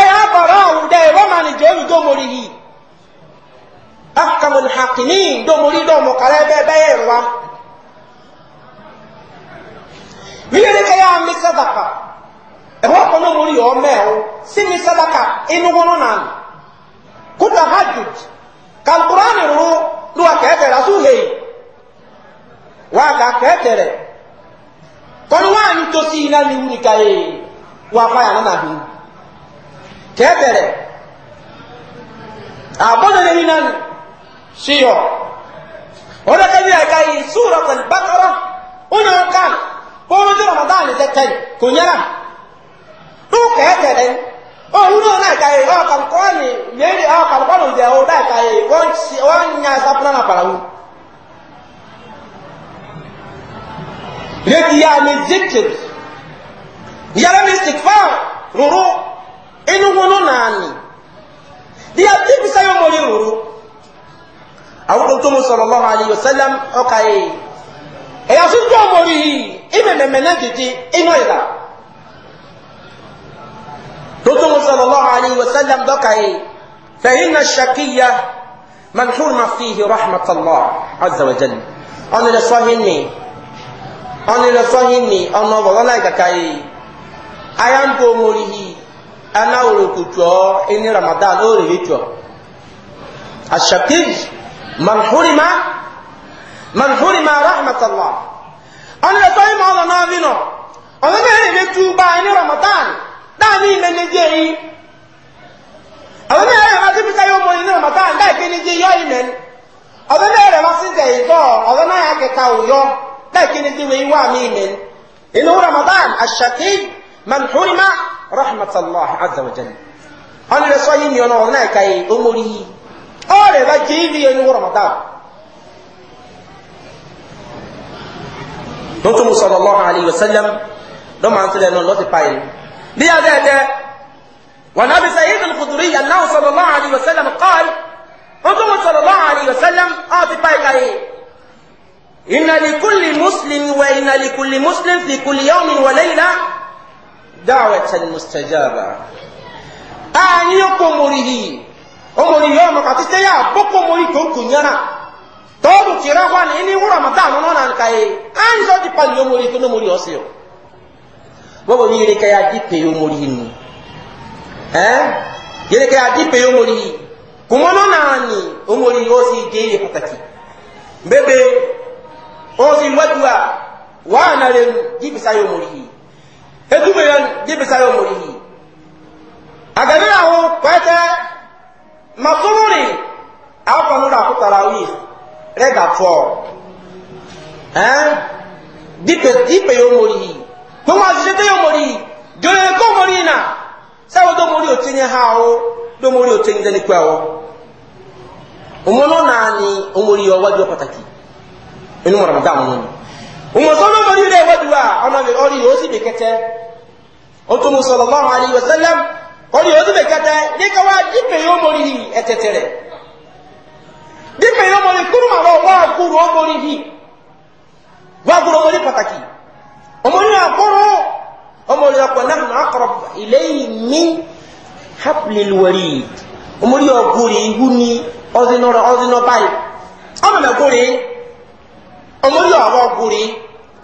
ẹ̀yà àbàrà ọ̀hún dẹ́ ẹ̀rọ máa ní jẹ́ olùdómori yìí akamu hakimi domori ebe kàrẹ́ bẹ́ẹ̀ bẹ́ẹ̀ yẹ̀ wá. mílíọ̀nù kẹyà mi sẹ́dàkà ẹ̀họ́ kan náà mórí ọ̀ mẹ́ẹ̀ọ́ sí mi sẹ́dàkà inú wọn náà kúta hajjud kalkuraani ruru lóra kẹ́ẹ̀tẹ̀ rasu hei wàá kà kẹ́ẹ̀tẹ̀ rẹ̀ kọ́ni wàá ní tosi tẹ́ẹ̀bẹ̀rẹ̀ àbọ̀dọ̀ yẹn náà ṣe yọ wọ́n dẹ́kẹ́ ní ẹ̀ka yìí súrọ̀ pẹ̀lú bákọ́rọ́ ó yàn ká bọ́ọ̀rọ̀ tí ramadan lè tẹ́tẹ́ kò nyẹ́ra tó o òun náà náà ẹ̀ka yìí ọ̀kan kọ́ ni mẹ́rin ọ̀kan kọ́ ló ń jẹ́ ọ̀dọ̀ ẹ̀ka yìí wọ́n ń yan sápúnà náà pàrọ̀ wọn. lẹ́kìyà mi zikir yàrá mi sìkfà inu wono naani di abdi bisa yo mori wuru awudu tumu sallallahu alaihi wasallam okaye e asu jo mori ime memene didi inu ila tumu sallallahu alaihi wasallam dokaye fa inna shakiyya man hurma fihi rahmatullah azza wa jalla on le swahini on le swahini on no wala kakaye ayan ko mori anawuro kutuo ini ramadan o rilicho ashakij man hurima man hurima rahmatallah ọni lọ sọyìn mọ ọlọrun náà nínú ọdún mẹrin mi tu ba ini ramadan dáàbí ilẹ̀ méjì yìí ọdún mẹrin ma ti fi sáyé ọmọ ini ramadan dáàbí méjì yọ ilẹ̀ ni ọdún mẹrin ma ti dẹ̀yìn tọ̀ ọdún náà yà kẹta òyọ dáàbí méjì wẹ̀ yí wà mí ilẹ̀ ni inú ramadan ashakij man hurima rahmatulah azawajal ọni rẹ sọyìn ni ọ̀nà ọ̀nà ẹ̀ka yìí ó mórí yìí ọ̀rẹ́ bá jẹ́ ibi ẹni wọ ramadan tuntun sallallahu alayhi wa sallam ló máa ń tilẹ̀ náà lọ́ti pa yìí ní adẹ́dẹ́ wọn náà bí sẹ́yìn ìdílé kùdùrí yẹn náà sallallahu alayhi wa sallam kọ́ọ̀lì tuntun sallallahu alayhi wa sallam ọ̀ ti pa ẹ̀ka yìí. إن لكل مسلم وإن لكل مسلم في كل يوم وليلة da'watan mustajaba anyi okomorihi omori yɔ maka tete ya boko mori to kunyana tɔɔbu tira hɔ ni ni wura ma taa nɔnɔ na ka ye anyi sɔ ti pali omori to n'omori ɔsi o bɔbɔ ni yɛrɛ kɛ ya di pe omori nu ɛn yɛrɛ kɛ ya di pe omori kumɔnɔ naani omori ɔsi de ye pataki bebe ɔsi wɛduwa waa nare nu jibisa ye omori yi edumɛ yɛn dibisa yɛ ɔmɔri yi agadi awo kɔɛtɛ masururi awo kɔnu da kutara awi rɛga fɔ ɛn eh? dipe dipe yɛ ɔmɔri yi gbɔmɔ azizete yɛ ɔmɔri yi jɔlɛ kɔ ɔmɔri yi na sáwọn tó mórí òtí ní ha o ló mórí òtí ní dẹni pẹ́ ọ ọmọ náà ní ọmọ orí ọwájú pàtàkì inú mọ̀ràn dáhùn nínú umusɔnɔ bɛ yi dɛ wadu a ɔna bɛ ɔri yɛ osi bɛ kɛtɛ ɔtumu sɔlɔlɔhu alayhi wa sallam ɔri yɛ osi bɛ kɛtɛ ne ka wa di pe yɛ omori hi ɛtɛtɛ rɛ di pe yɛ omori kuru ma lɔ wa kuru omori hi wa kuru omori pataki omori wa kuru omori wa kɔnɛ na akɔrɔ ilayi mi hapilil wari omori wa gori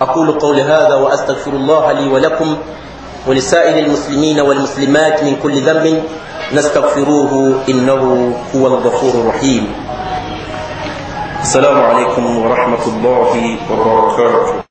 أقول قول هذا وأستغفر الله لي ولكم ولسائر المسلمين والمسلمات من كل ذنب نستغفروه إنه هو الغفور الرحيم السلام عليكم ورحمة الله وبركاته